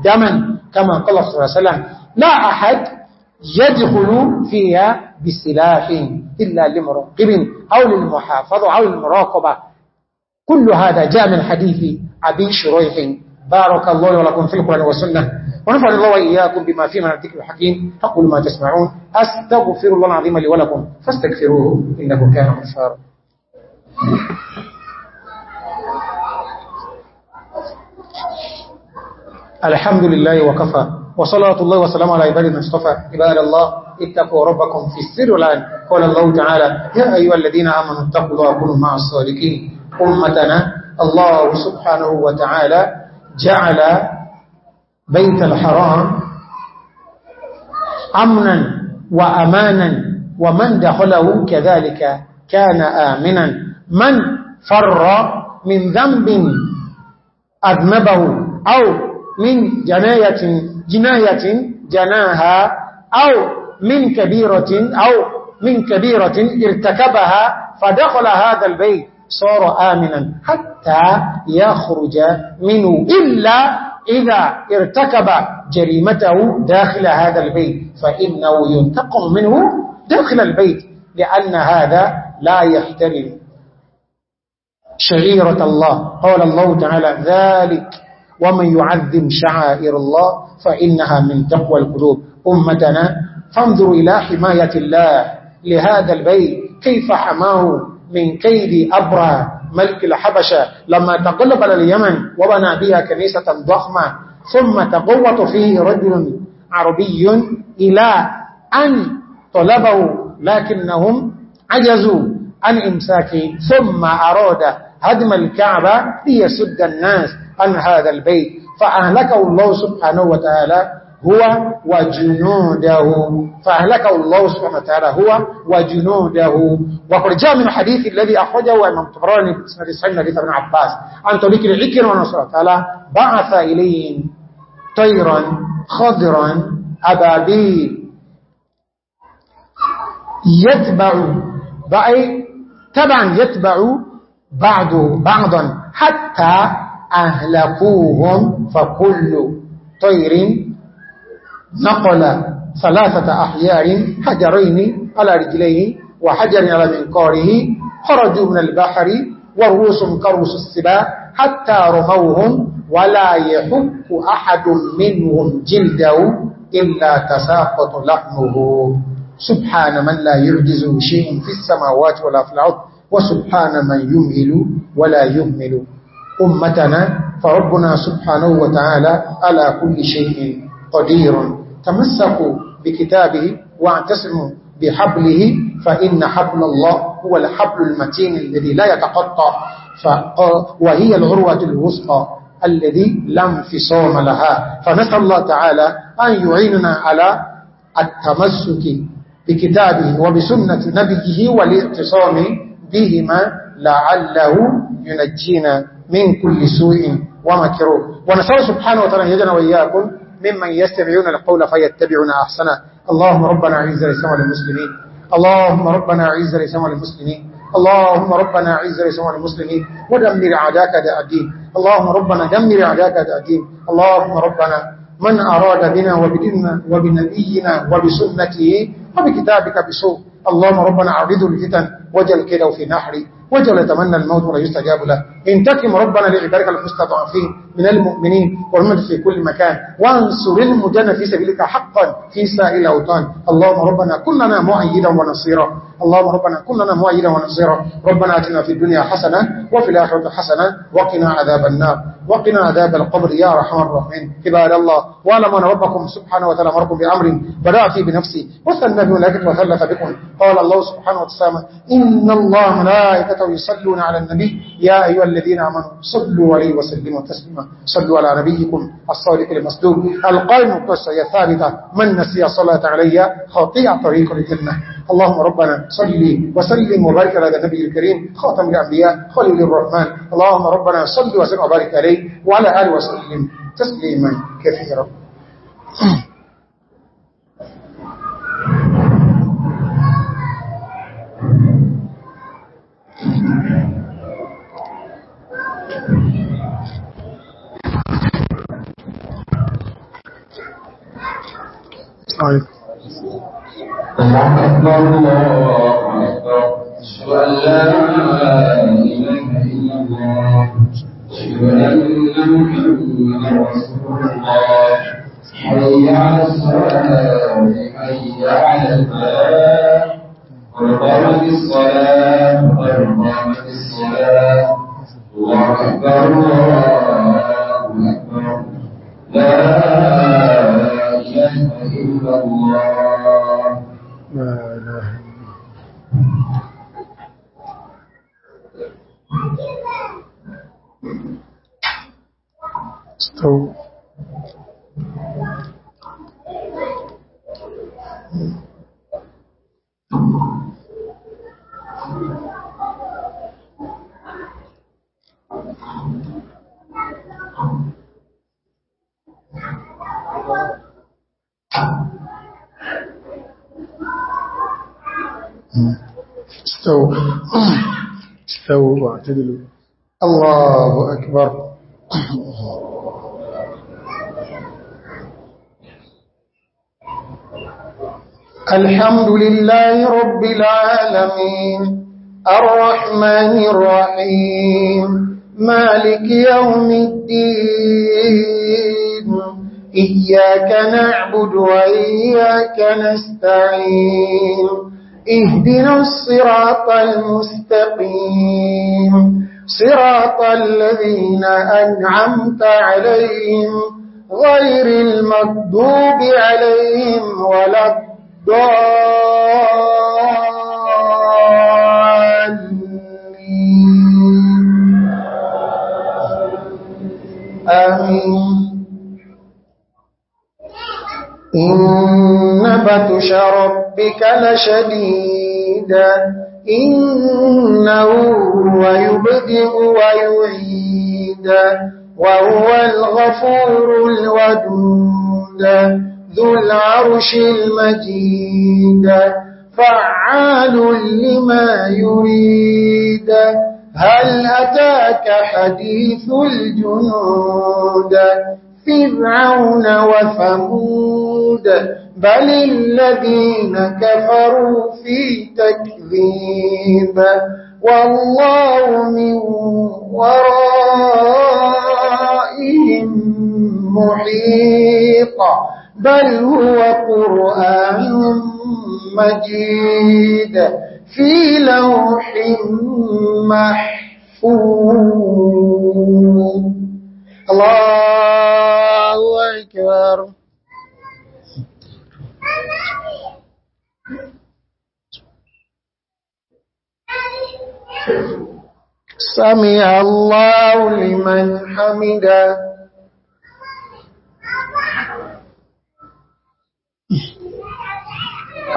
دما كما قال صلى الله عليه وسلم لا أحد يدخل فيها بسلاح إلا لمرقب أو للمحافظة أو للمراقبة كل هذا جاء من حديث أبي شريح بارك الله ولكم في القرآن والسنة ونفعل الله وإياكم بما فيه من الذكر الحكيم فقل ما تسمعون أستغفر الله العظيم لي ولكم فاستغفروه إنه كان غفارا الحمد لله وكفى وصلاة الله وسلامه على عباد من اصطفى عباد الله اتقوا ربكم في السر والآن قال الله تعالى يا أيها الذين آمنوا اتقوا الله وكونوا مع الصالحين أمتنا الله سبحانه وتعالى جعل بيت الحرام أمنا وأمانا ومن دخله كذلك كان آمنا من فر من ذنب أذنبه أو من جناية جناية جناها أو من كبيرة أو من كبيرة ارتكبها فدخل هذا البيت صار آمنا حتى يخرج منه إلا إذا ارتكب جريمته داخل هذا البيت فإنه ينتقم منه داخل البيت لأن هذا لا يحترم شعيرة الله قال الله تعالى ذلك ومن يعذم شعائر الله فإنها من تقوى القلوب أمتنا فانظروا إلى حماية الله لهذا البيت كيف حماه من كيد أبرى ملك الحبشة لما تقلب على اليمن وبنى بها كنيسة ضخمة ثم تقوط فيه رجل عربي إلى أن طلبوا لكنهم عجزوا عن إمساكه ثم أراد هدم الكعبة ليسد الناس عن هذا البيت فأهلكه الله سبحانه وتعالى هو وجنوده فأهلكه الله سبحانه وتعالى هو وجنوده وقد جاء من الحديث الذي أخرجه أمام طبراني بسنة السعين حديث ابن عباس عن طريق العكر ونصر تعالى بعث إليهم طيرا خضرا أبابيل يتبع بأي تبعا يتبع بعض بعضا حتى أهلكوهم فكل طير نقل ثلاثة أحيار حجرين على رجليه وحجر على منقاره خرجوا من البحر والروس كروس السباء حتى رموهم ولا يحك أحد منهم جلده إلا تساقط لحمه سبحان من لا يعجزه شيء في السماوات ولا في العرض وسبحان من يمهل ولا يهمل أمتنا فربنا سبحانه وتعالى على كل شيء قدير تمسكوا بكتابه واعتصموا بحبله فإن حبل الله هو الحبل المتين الذي لا يتقطع وهي العروة الوسطى الذي لا انفصام لها فنسأل الله تعالى أن يعيننا على التمسك بكتابه وبسنة نبيه والاعتصام بهما لعله ينجينا من كل سوء ومكروه ونسأل سبحانه وتعالى أن يجعلنا وإياكم ممن يستمعون القول فيتبعون أحسنه اللهم ربنا عز لسوى المسلمين اللهم ربنا عز لسوى المسلمين اللهم ربنا عز لسوى المسلمين ودمر عداك داء الدين اللهم ربنا دمر عداك داء الدين اللهم ربنا من أراد بنا وبدنا وبنبينا وبسنته وبكتابك بسوء اللهم ربنا عرضه الفتن وجل كده في نحري وجل يتمنى الموت ولا يستجاب له انتكم ربنا لعبارك المستضعفين من المؤمنين والمجد في كل مكان وانصر المدن في سبيلك حقا في سائل أوطان اللهم ربنا كلنا مؤيدا ونصيرا اللهم ربنا كلنا مؤيدا ونصيرا ربنا اتنا في الدنيا حسنة وفي الآخرة حسنة وقنا عذاب النار وقنا عذاب القبر يا رحمن الرحمن عباد الله وعلم أن ربكم سبحانه وتعالى مركم بأمر بدأ فيه بنفسي وثنى لكن وثلث بكم قال الله سبحانه وتعالى إن الله ملائكته يصلون على النبي يا أيها الذين آمنوا صلوا عليه وسلموا تسليما صلوا على نبيكم الصادق المصدوم القائم القصة ثابتة من نسي صلاة علي خطيع طريق الجنة اللهم ربنا صلي وسلم وبارك على النبي الكريم خاتم الأنبياء خليل الرحمن اللهم ربنا صلي وسلم وبارك عليه وعلى آل وسلم تسليما كثيرا عليكم الله أكبر الله أكبر أشهد أن لا إله إلا الله أشهد أن محمدا رسول الله حي على الصلاة حي على الفلاح قد قامت الصلاة قد قامت الصلاة الله أكبر الله أكبر لا استو Thank you. استو استو واعتدلوا الله أكبر الحمد لله رب العالمين الرحمن الرحيم مالك يوم الدين إياك نعبد وإياك نستعين اهدنا الصراط المستقيم صراط الذين أنعمت عليهم غير المكذوب عليهم ولا الضالين آمين إن بطش ربك لشديد إنه هو يبدئ ويعيد وهو الغفور الودود ذو العرش المجيد فعال لما يريد هل أتاك حديث الجنود فرعون وثمود بل الذين كفروا في تكذيب والله من ورائهم محيط بل هو قرآن مجيد في لوح محفوظ Allahu Akbar. Sami Allahu liman hamida.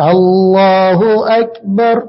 Allahu Akbar.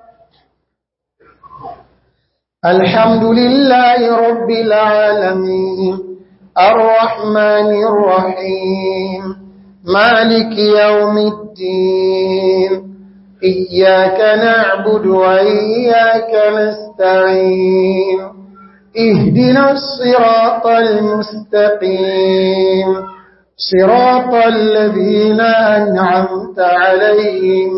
الحمد لله رب العالمين الرحمن الرحيم مالك يوم الدين إياك نعبد وإياك نستعين اهدنا الصراط المستقيم صراط الذين أنعمت عليهم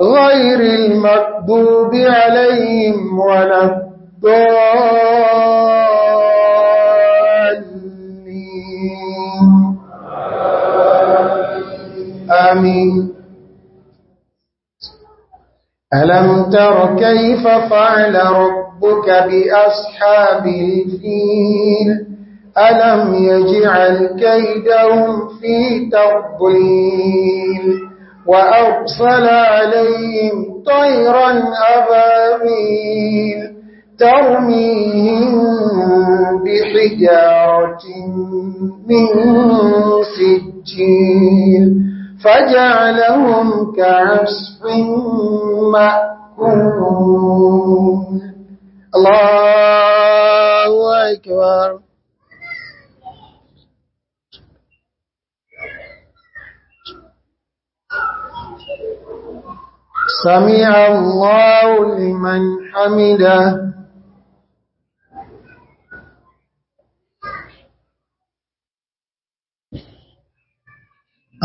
غير المكذوب عليهم ولا آمين ألم تر كيف فعل ربك بأصحاب الفيل ألم يجعل كيدهم في تضليل وأرسل عليهم طيرا أبابيل ترميهم بحجارة من سجيل فجعلهم كعصف مأكول الله أكبر سمع الله لمن حمده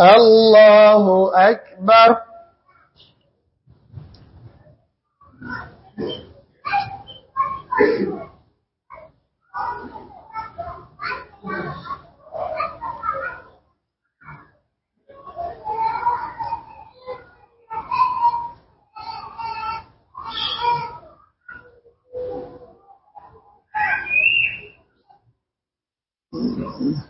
الله أكبر Thank you.